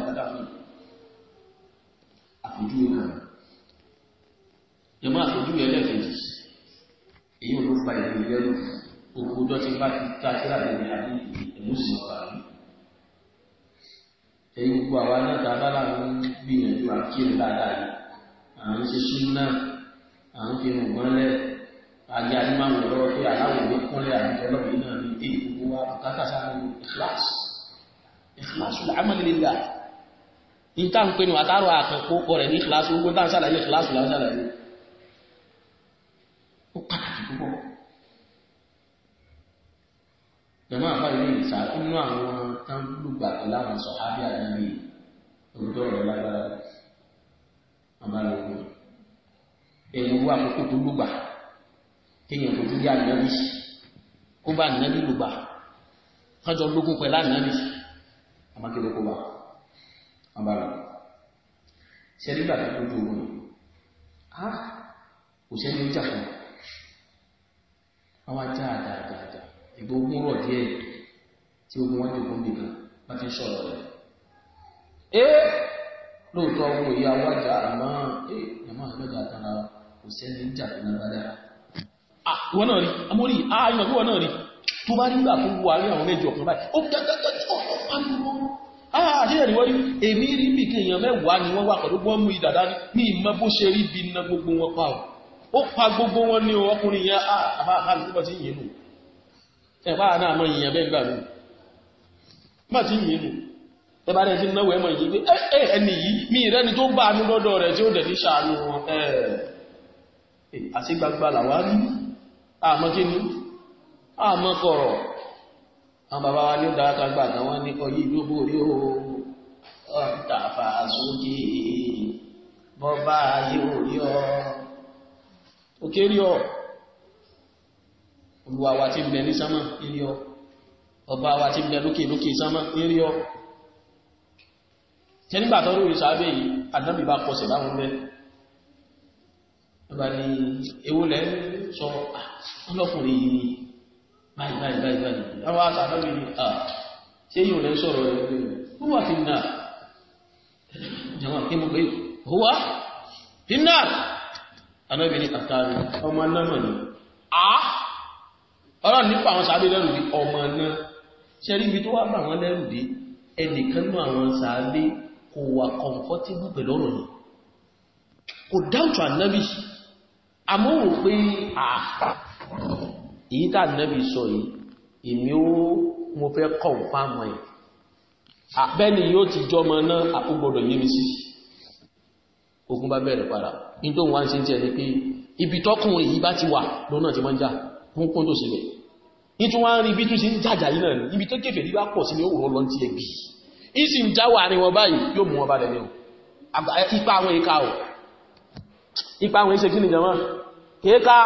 fa ìlú gbogbo ọjọ́ tí bá ti ta síra tẹ̀lé àbí ìmúsì ọ̀rá mi. Èyí gbogbo àwa náà ta bá láwọn gbìyànjú àkíyè dáadáa yìí. À ń ṣe súnà, à ń fi hàn mọ́lẹ̀. Ayé ayé máa ń wọ̀ lọ́wọ́ pé aláwọ̀ ló kúnlẹ̀ àti ọlọ́run náà ní dé gbogbo wa bùkátà sáré ìkíláàsì. Ìkíláàsì làámọ̀ lè gbà. Níta ń pè ní àtàrọ̀ àkànkọ́ kọ rẹ̀ ní ìkíláàsì, gbogbo táwọn sàlàyé ìkíláàsì làwọn sàlàyé. Ó pàtàkì púpọ̀ jọmọ àfáàrí ní ìsà inú àwọn tán lùgbà pẹ̀lú àwọn sọ̀hábí àdàbí òrùtọ́ ọ̀rọ̀ lágbára àbálòpọ̀ ẹ̀rù wà àkókò tó lùgbà kéèyàn kò tún dé ànábì kó bá ànábì lùgbà kájọ lógún pẹ̀lú ànábì àmàkébé kó bá àbálòpọ̀ sẹ́ni gbà tó tó kò sẹ́ni ó jà fún àwọn ajá àdáadáa ìgbógun rọ̀ díẹ̀ tí ogun wọn lè gún mi kan wọn fi ń sọ̀rọ̀ rẹ̀. ẹ lóòótọ́ ohun ìyá wájà àmọ́ ẹ àmọ́ àgbẹ̀dà àtàrà kò sẹ́ni ń jà nínú abádá. ìwọ náà rí amórí ààyè ìwọ náà rí tó bá nígbà tó wà ní àwọn méjì ọ̀kan báyìí ó dáadáa ọ̀ pariwo. àṣeyẹ ni wọ́n rí èmi rí bí kí mẹ́wàá ni wọ́n wà pẹ̀lú wọ́n mú ìdàdá ní ìmọ̀ bó ṣe rí bí iná gbogbo wọn pa ó pa gbogbo wọn ní ọkùnrin yẹn àbá àbá àti ẹ̀pá náà mọ ìyẹn bẹ́ẹ̀ gbà lónìí má ti yìí nù ẹ bá rẹ̀ ti náwó ẹmọ ìyẹn ni àmọ́ kọ̀rọ̀ àwọn bàbá wa ní dára kan gbà tán wọ́n ní kọ́ yìí lóbó rí o ọ̀tàfà sókè bọ́bá yóò rí ọ ó kéré ọ̀ olúwa wa ti ń bẹ ní sánmà ìrí ọ ọba wa ti ń bẹ lókè lókè sánmà ìrí ọ tẹ nígbà tó lórí yìí àdábì bá pọ̀sẹ̀ láwọn bẹ́ ọba ni ewu lẹ́ sọ ọlọ́kùnrin yìí ni báyìí báyìí báyìí báyìí láwọn àti àdábì ni ṣé yìí ò lẹ́ sọ̀rọ̀ rẹ̀ ó wà fi nà kí mo gbé ó wà fi nà ni àtàrí ọmọ alámọ̀ ni àá ọlọ́run nípa àwọn sàábé lẹ́rù dé ọmọ náà ṣe rí ibi tó wá bà wọ́n lẹ́rù dé ẹnìkan náà àwọn sàábé kò wà comfortable pẹ̀lú ọ̀rọ̀ yìí kò dáùtù ànábì àmọ́ wò pé àà èyí tá ànábì sọ yìí èmi ó mo fẹ́ confirm ẹ̀ àbẹ́ni yóò ti jọmọ náà àkúgbọ̀dọ̀ yé mi sí ogun bá bẹ̀rẹ̀ padà ní tó ṣe ń tẹ́ ni pé ibi tọ́kùnrin yìí bá ti wà lónà ti máa ń jà kúnkún tó sílẹ̀ ìtún wá ń rí bí tún sí ń jàjà yìí náà ní ibi tó kéfèé bá pọ̀ sí ní òwúrọ̀ lọ́n ti ẹgbì ìsì ń jáwà ní wọn báyìí yóò mú wọn balẹ̀ ní o ipa àwọn ìka o ipa àwọn ìṣe kí ni jama kéka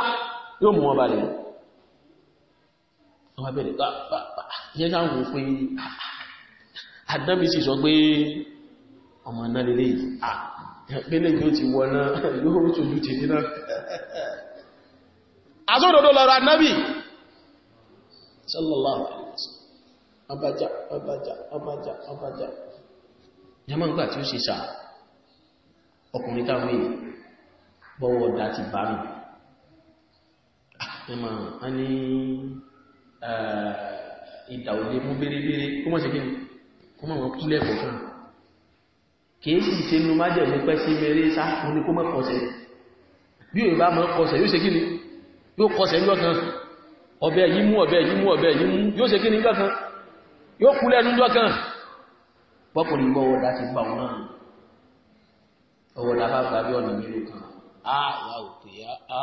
yóò mú wọn bá bẹ̀rẹ̀ yẹn ká wò pé àdábì sì sọ pé sallallahu alaihi wasallam abájá abájá abájá abájá yàmá ń gbà tí ó ṣe sà ọkùnrin táwọn èèyàn bọ́wọ́ ọ̀dá ti bá mi ẹmà a ní ìdà òlé mú bérebére kó mọ́ sí kí ni kó mọ́ wọn kúlẹ̀ kọ̀ọ̀kan kìí sì ṣe nú májẹ̀ ní pẹ́ sí mẹ́rẹ́ sáà fún ní kó mọ́ kọsẹ̀ bí òyìnbá mọ́ kọsẹ̀ yóò ṣe kí ni yóò kọsẹ̀ ní ọ̀kan ọ̀bẹ yìí mú ọ̀bẹ yìí mú ọ̀bẹ yìí mú yóò ṣe kí ní kankan yóò kú lẹ́nu jọ́kan bọ́kùnrin bọ́ ọwọ́dá ti gbà wọn ọwọ́dá bá gbà bí ọ̀nà mélòó kan á wà òkè á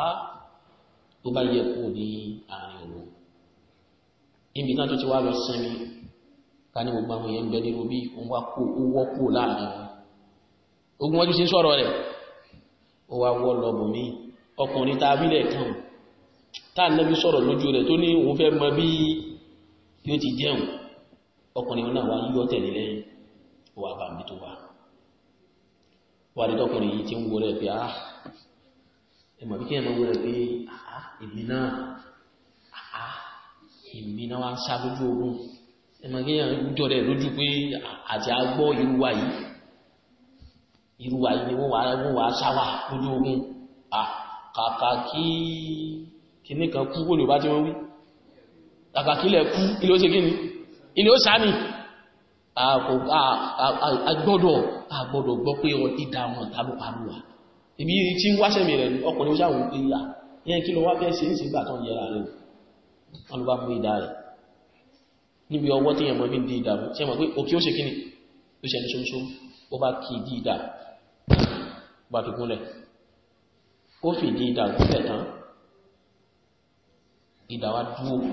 tó bá yẹ kú ní àárín òru níbi náà tó ti wá lọ sinmi ká ní gbogbo àwọn èèyàn ń bẹ nínú bí òun wá kó ó wọ́ kó láàrin ogun wọn ti sọ̀rọ̀ rẹ̀ ó wá wọ́ lọ bùnmí ọkùnrin tá a bí táà nẹ́bí sọ̀rọ̀ lójú rẹ̀ tó ní òun fẹ́ mọ bí yóò ti jẹun ọkùnrin náà wá yíyọ tẹ̀lé lẹ́yìn wà bá mi tó wà wà ní ti yìí tí ń wo pé ah ẹ mọ̀ bí kí ẹ mọ̀ wo pé ah èmi náà ah èmi náà wá ń sá lójú ogun ẹ mọ̀ kí ẹ jọ rẹ̀ lójú pé àti agbọ́ yìí yìí ni wọ́n wá sá lójú ogun ah kìíní kan kú wọ́n yóò bá tí wọ́n wí àkàkílẹ̀ kú ilé ó ṣe kí ni ilé ó sáàmì agbọ́dọ̀ agbọ́dọ̀ gbọ́ pé wọn tàbí parúwà ibi tí ń wáṣẹ́mì rẹ̀ ọkùnrin sáwọn pé yà yẹn kí lọ wá fẹ́ ṣe ń sìgbà tán yẹra rẹ̀ wọn bá mú ìdá rẹ̀ níbi ọwọ́ tí yẹmọ bí ó ṣe ó ṣe ní tán ìdá wa dúró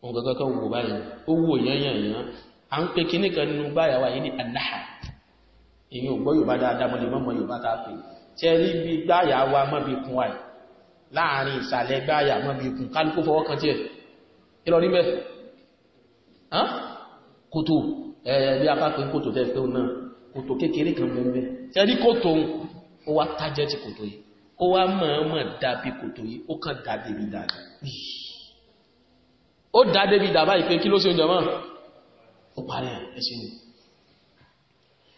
òun kankan kan wò báyìí ó wò yányányán à ń pe kinní kan nínú báyà wa yìí ní anáhà èyí ò gbọ́ yorùbá dáadáa mo lè mọ́mọ́ yorùbá tá a pè tí bí gbáyà wa mọ́ bí kun wa yìí láàrin ìsàlẹ̀ gbáyà mọ́ kun kálukú fọwọ́ kan tiẹ̀ kí lọ rí bẹ́ẹ̀ kòtò ẹ̀ẹ́ bí apákan kòtò tẹ́ fẹ́ náà kòtò kékeré kan bẹ́ẹ̀ bẹ́ẹ̀ tí kòtò ó wá tájẹ́ ti kòtò yìí ó wá mọ̀ọ́mọ̀ dàbí kòtò yìí ó kàn dá débi dàbí ó dá débi dàbá ìpé kí ló ṣe oúnjẹ mọ́ ó parí ẹ̀ṣẹ́ ni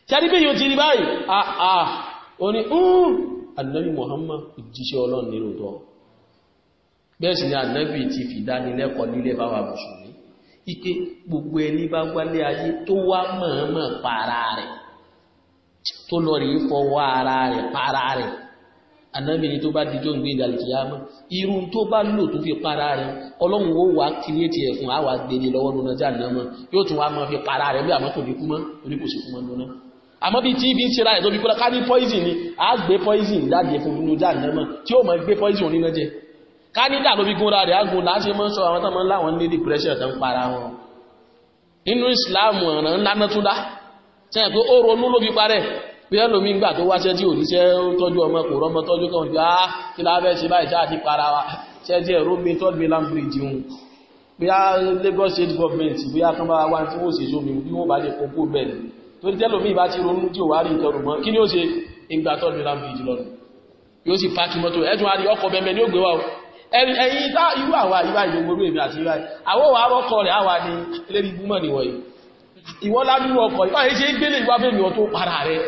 ṣẹ́rí pé yóò ti rí báyìí àà ó ní ànábì Muhammad ìjíṣẹ́ ọlọ́run ní lóòtọ́ bẹ́ẹ̀ sì ni ànábì ti fìdánilẹ́kọ̀ọ́ nílé báwa mùsùlùmí ike gbogbo ẹni bá wálé ayé tó wá mọ̀ọ́mọ̀ para rẹ̀ tó lọ rí fọwọ́ ara rẹ̀ para rẹ̀ anábìrin tó bá dijọ́ gbé ìdàlìkìyàmọ́ irú tó bá lò tó fi para rẹ̀ ọlọ́run ó wà kírètì ẹ̀ fún àwa gbélé lọ́wọ́ lónà já náà mọ́ yóò tún wá máa fi para rẹ̀ bí àmọ́ kò ní kú mọ́ oníkòsí kú mọ́ lónà àmọ́ bí tí ibi ń ṣe ra ẹ̀ tó fi ká ní poison ni a gbé poison jáde fún lónà já náà mọ́ tí ó mọ̀ gbé poison nínú jẹ ká ní dà ló fi gúnra rẹ̀ ágùn láti mọ́ sọ bíyẹn lomi ń gbà tó wáṣẹ́ tí ò níṣẹ́ ó tọ́jú ọmọ kò rọ́mọ tọ́jú kan ju ah kí la fẹ́ ṣe báyìí ṣáà ti para wa ṣẹ́ díẹ̀ rómi third mainland bridge ń bíyà Lagos state government bíyà kan bá wá tí wọ́n ṣe sómi bí wọ́n bá lè kókó bẹ́ẹ̀ ni torí tẹ́lò mi bá ti ronú tí ò wá rí ìtọ́rù mọ́ kí ni ó ṣe ìgbà third mainland bridge lọ́nu yóò sì páàkì mọ́tò ẹ̀dùn àrí ọkọ̀ bẹ́ẹ̀ ni ó gbé wa o ẹ̀yìn tá irú àwa ìwà ìdógbòrò èmi àti ìwà àwọn òwà arọ́kọ rẹ̀ àwa ni ìwọ́n lábí ọkọ̀ ìwà èyí ṣe ń gbélé ìwà fẹ́mi ọ̀tún para rẹ̀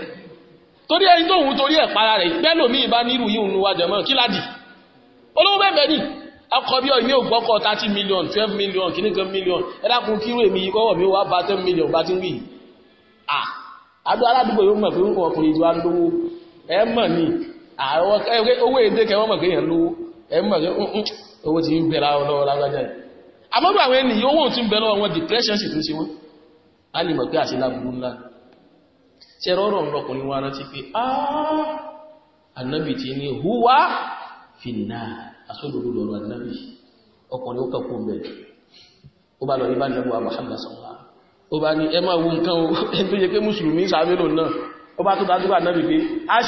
torí ẹni tóhun torí ẹ̀ para rẹ̀ pẹ́lòmí ìbá nírú yíò ń wájọ mọ́ kí ládì olówó bẹ́ẹ̀ ní akọbí ọ̀ ìmé ògbọ́kọ̀ 30 million 12 million kìíní kan million ẹ̀dàkùn kírò èmi yìí kọ́wọ̀ mi wá ba 10 million bá ti ń wí àdó aládùúgbò yóò mọ̀ pé ń kọ̀ ọkùnrin lówó ẹ mọ̀ ni owó èdè kẹwọ́n mọ̀ lówó ẹ mọ̀ pé owó ti ń bẹ lọ́wọ́ lágbájá yìí àwọn ènìyàn owó ti ń bẹ lọ́wọ́ wọn depression sì tún ṣe wọ́n á tẹ́rọrọ̀ ọ̀rọ̀kùnrin wa rántí pé annabi ah, ti ní huwa finna asódòdó lọ́rọ̀ annabi ọkùnrin ó kàkó bẹ̀ ó bá lọ ní bá Muhammad sọ́lá ó bá ní ẹmà wo nǹkan tó yẹ pé mùsùlùmí sàmìlò náà ó bá tó dájú bá annabi pé ah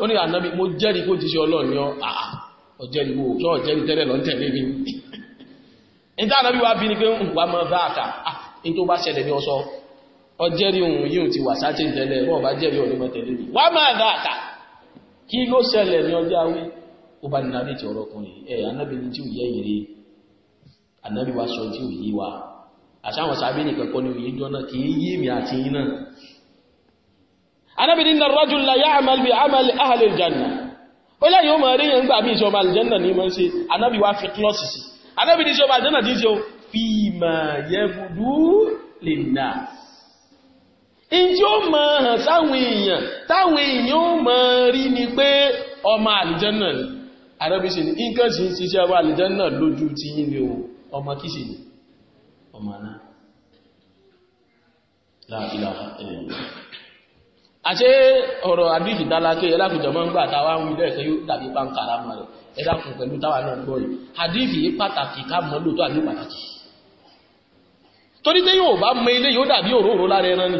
ó ní annabi mo jẹ́rìí kó ah ọjẹ́rìí wo ṣọ́ọ̀jẹ́rìí tẹ́lẹ̀ lọ́ntẹ̀lẹ́ mi níta ànábì wa bí ni pé ń wà mọ́ bá àkà ní ah, tó bá ṣẹlẹ̀ ní ọsọ ọjẹ́rìí òun yìí ti wà sáté ìtẹ́lẹ̀ wọn bá jẹ́rìí òun mọ́ tẹ̀lé mi wà mọ́ bá àkà kí ló ṣẹlẹ̀ ní ọjọ́ awé ó bá nínú àdéhìí ọ̀rọ̀ ọkùnrin ẹ̀ ànábì ni tí ò yẹ ìrè ànábì wa sọ tí ò yí wa àṣàwọn sàbí nìkan kọ́ ni òye jọ́nà kì í yé mi àti yín náà ànábì ni inna rajula ya'mal bi amali ahli aljanna ó lẹ́yìn ó mọ̀ rí yẹn gbà mí ìṣọ́ ọmọ àlìjẹ́nà ní mọ́ ṣe ànábì wa fi kílọ́ọ̀sì sí i anábì ní ṣe ọba àjẹ́nà tí ń ṣe o fi mà yẹ lè nà ìjí ó mọ̀ hàn sáwọn èèyàn táwọn èèyàn ó mọ̀ rí ni pé ọmọ àlìjẹ́nà ni anábì ṣe ní nǹkan sì ń ṣiṣẹ́ ọba àlìjẹ́nà lójú ti yín ni o ọmọ ni ọmọ náà àṣé ọ̀rọ̀ ẹ dákun pẹ̀lú táwa náà gbọ́ rẹ̀ hadithi pàtàkì ká mọ̀ lóòótọ́ pàtàkì torí pé yóò bá mọ ilé yóò dàbí òróró lára ẹran ni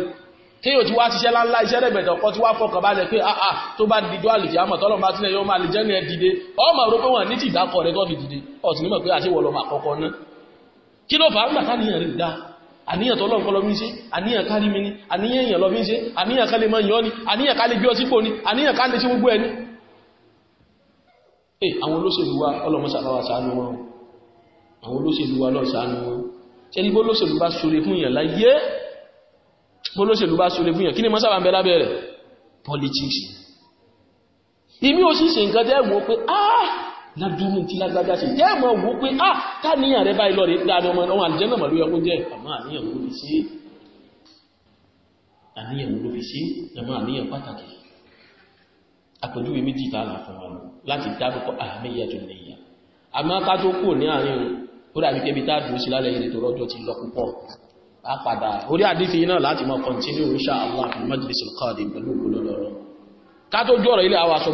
kí yóò ti wá ṣiṣẹ́ láńlá iṣẹ́ rẹ̀bẹ̀dẹ̀ ọkọ tí wá fọkàn balẹ̀ pé àà ah, ah, tó bá dìjọ́ àlùkí àmọ̀ tọ́lọ̀ bá tilẹ̀ yóò máa lè jẹ́ ní ẹ dìde ọmọ rò pé wọ́n ní tìgbà kọ rẹ̀ tó fi dìde ọ̀tún nímọ̀ pé àṣewọ̀ lọ́mọ àkọ́kọ́ náà kí ló fà á gbà táníyàn rẹ̀ dáa àníyàn tó lọ́nkọ́ lọ bí ṣe àníyàn kárí mi ni àníyàn èèyàn lọ bí ṣe àníyàn ká lè mọ ni àníyàn ká lè gbé ọtí ni àníyàn ká lè gbogbo ẹni eh àwọn olóṣèlú wa ọlọ́mọsàbáwà ṣàánú wọn àwọn olóṣèlú wa lọ ṣàánú wọn ṣe ní bólóṣèlú bá ṣore fún èèyàn láyé bólóṣèlú bá ṣore fún èèyàn kí ni mọ́ sábà ń bẹ lábẹ́ rẹ̀ politics ìmí ò sì ṣe nǹkan tẹ́ẹ̀mọ́ pé ah ládúrú tí lágbájá ṣe tẹ́ẹ̀mọ́ wó pé ah táníyàn rẹ báyìí lọ́rẹ̀ dáadọ́ ọmọ ọmọ àlùjẹ́ náà lóyọ kó jẹ́ àmọ́ àníyàn ló fi ṣe àníyàn ló fi ṣe àmọ́ àníyàn pàtàkì àpèjúwe méjì tààlà fún wọn láti dárúkọ àmìyà tó nìyà àmọ́ ká tó kò ní àárín ó dàbí kébi tá dùn sí lálẹ́ ilé tó rọ́jọ́ ti lọ púpọ̀ a padà orí àdífi náà láti mọ́ kọntínú insha Allah fil majlis al-qadim pẹ̀lú ògbóló lọ́rọ̀ ká tó jọ́rọ̀ ilé àwọn aṣọ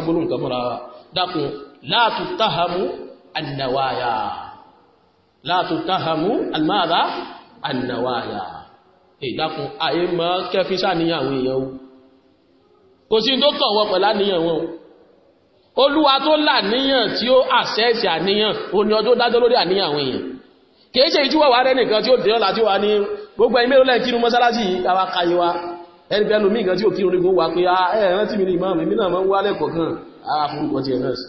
mọ́ kò sí tó kàn wọ́n pẹ̀lú àníyàn wọn olúwa tó làníyàn tí ó àṣẹ́ẹ̀sì àníyàn òní ọdún dájọ́ lórí àníyàn àwọn èèyàn kìí ṣe ìtúwà wà rẹ nìkan tí ó dé ọ̀la tí ó wà ní gbogbo ẹ̀mí lọ́lẹ̀ kírun mọ́sálásí àwa kàyé wa ẹni bẹ́ẹ̀ lómi nǹkan tí ò kírun nígbò wà pé ah, ẹ rántí mi ní ìmọ̀ mi náà máa ń wálẹ̀ kọ̀ọ̀kan àforúkọ ah, tiẹ̀ náà sí.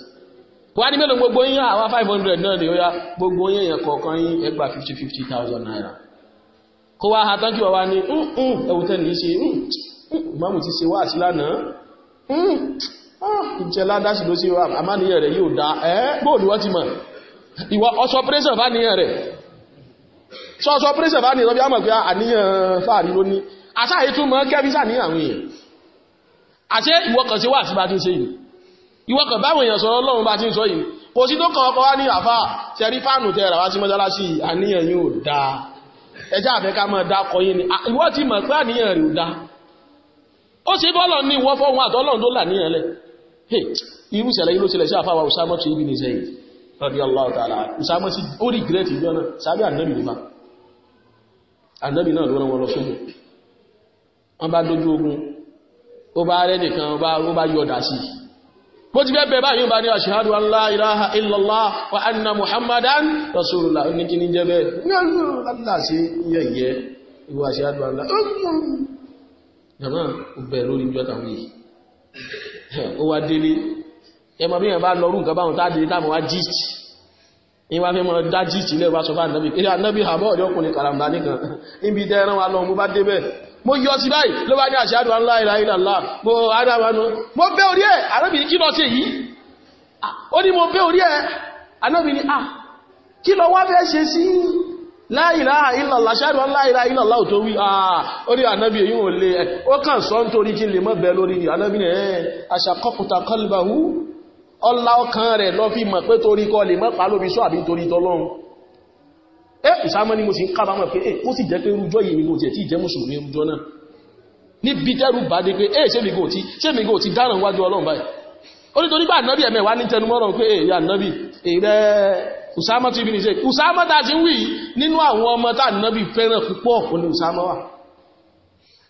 wá ní mélòó gbogbo yín àwa five hundred náà ni ó yá gbogbo yín èèyàn kọ̀ọ̀kan yín ẹgbà fifty fifty thousand naira kó wá ha tán kí wọ́n wá ní mm, mm, ẹ̀wù tẹ́ nìyí ṣe mm ìmáàmù ti ṣe hmm. ah. wá sí lánàá ìjẹ ládáṣì ló sí àmáníyàn rẹ̀ yóò dá ẹ́ bóòlù wọ́n ti mọ̀ ìwọ ọ̀ṣọ́ pírẹ́sàn fáníyàn rẹ̀ sọ ọ̀ṣọ́ pírẹ́sàn fáníyàn lọ́bí àmọ̀ pé àníyàn fàárí ló ní àtàyè tún mọ́ kẹ́bísà ní àwọn èèyàn àṣẹ ìwọ kan sí wà sí bá ti ń ṣe yìí ìwọ kan báwọn èèyàn sọ̀rọ̀ Ọlọ́run bá ti ń sọ yìí kò sí tó kan ọkọ̀ wá ní àfà tẹ̀rí fáànù tẹ̀ rà wá sí mọ́sálásí àníyàn yóò dáa ẹjá àfẹ́ká mọ́ dáa kọ́ yìí ni ìwọ ti mọ̀ pé àníyàn rẹ̀ ò dáa ó ṣe bọ́lọ̀ ní ìwọ́ fọ́wọ́n àtọ́lọ́n tó là ní ẹlẹ́ irú ìṣẹ̀lẹ̀ yìí ló ṣẹlẹ̀ sí àfáwà òṣàmọ́tò ibi nìṣẹ́yìn lọ́dí Allah ta'ala òṣàmọ́tì ó rí gírẹ́tì ìjọ náà sábẹ́ ànábì nípa ànábì náà ló rán wọn lọ sóhun wọ́n bá dójú ogun ó bá rẹ́ nìkan ó bá yọ dà sí bó ti fẹ́ bẹ̀ báyìí ó bá ní ashhadu an la ilaha jàmọ́ ó bẹ̀ lórí ìjọ tàwọn yìí ó wá délé ẹmọ bí yẹn bá lọrú nǹkan báwọn táà délé táàmù wá gist ní wá fẹ́ mọ́ dá gist ilẹ̀ wá sọ bá nàbí eré anábì àbọ̀ ọ̀dọ́ ọkùnrin karambà nìkan níbi tẹ́ ẹran wa lọ mú bá débẹ̀ mo yọ sí báyìí ló bá ní àṣà àdúrà ńlá ìlà ìlà ńlá mo adáwánu mo bẹ́ orí ẹ̀ anábì kí lọ sí èyí ó ní mo bẹ́ orí ẹ̀ anábì ni ah kí lọ wá fẹ́ ṣe sí láìrà ilaha illallah ṣáàrù la ilaha tó wí àà ah, orí ànábì èyí ò lè ó kàn sọ ń torí kí lè mọ́ bẹ̀ lórí ànábì ẹ̀ eh, aṣàkọ́kùtà kọlùbàwú ọlá ọkàn rẹ̀ lọ fi mọ̀ pé torí kọ lè mọ́ pàlóbi sọ àbí torí tọlọ́run eh, Usama ti ibini Zaid Usama ta ti ń wí nínú àwọn ọmọ tá ànábì fẹ́ràn púpọ̀ kò ní Usama wà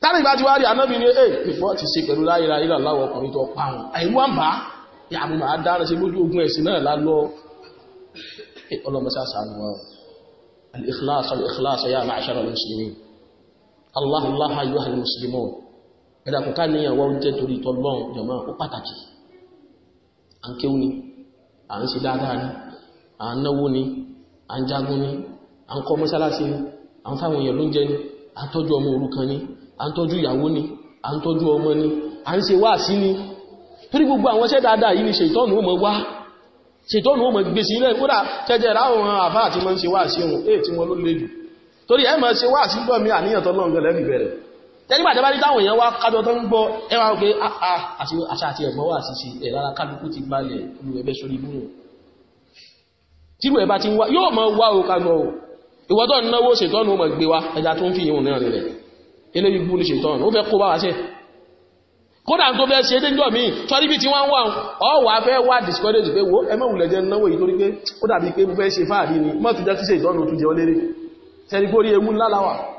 tánà ìgbà tí wá rí ànábì ní ẹ̀ ìfọ́ ti ṣe pẹ̀lú láyé ra ìlà láwọ ọkùnrin tó pa àwọn àìmú àmbá ìyàmù máa dára sí lójú ogun ẹ̀sìn náà lálọ́ ọlọ́mọsá sàánú wa al-ikhlas al-ikhlas ya ma'ashara al-muslimin Allah Allah ayyuha al-muslimun ẹ̀dàkùn ká ní àwọn oúnjẹ torí tọ́lọ́run jọmọ́ ó pàtàkì à ń kéwú ni à ń ṣe dáadáa ni à ń náwó ni à ń jagun ni à ń kọ́ mọ́sálásí ni à ń fáwọn èèyàn lóúnjẹ ni à ń tọ́jú ọmọ òrukàn ni à ń tọ́jú ìyàwó ni à ń tọ́jú ọmọ ni à ń ṣe wáàsí ni torí gbogbo àwọn iṣẹ́ dáadáa yìí ni ṣètọ́nù ó mọ wá ṣètọ́nù ó mọ gbé sí ilẹ̀ kódà tẹ́jẹ̀ ráwọn àfá àti mọ́ ń ṣe tílù ẹ̀bá ti ń wá yóò mọ̀ wá òkanú ọ̀wọ̀ náwó ṣètọ́nù ó mọ̀ wa ẹja tó ń fi ìhun náà rẹ̀ eléyìí bú ní ṣètọ́nù ó fẹ́ kó bá wa ṣe kódà tó fẹ́ ṣe déjọ́ mi sọ́rí bí tí wọ́n wà ọ̀wà fẹ́ wà discourage pé wo ẹmọ́ òun lẹ́jẹ́ náwó yìí torí pé ó dàbí pé mo fẹ́ ṣe fáàrí ni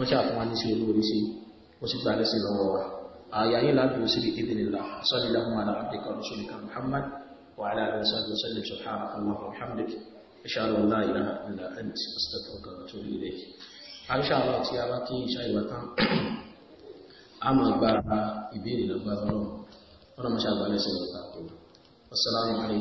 wọ́n ṣe àfún wa ní sí olóorí sí ó sì gbà lẹ́sìn lọ́wọ́ wa àyà yìí ládùú sí bí ibi nìlá sọ́lélàmù aláàbíkà rasulika muhammad wa aláàbíkà sọ́lélàmù subhanaka allahumma wa bihamdika ashhadu an la ilaha illa anta astaghfiruka wa atubu ilayk aisha allah tí a bá kí iṣẹ́ ìwà tán a máa gba ìbéèrè lọ́gbà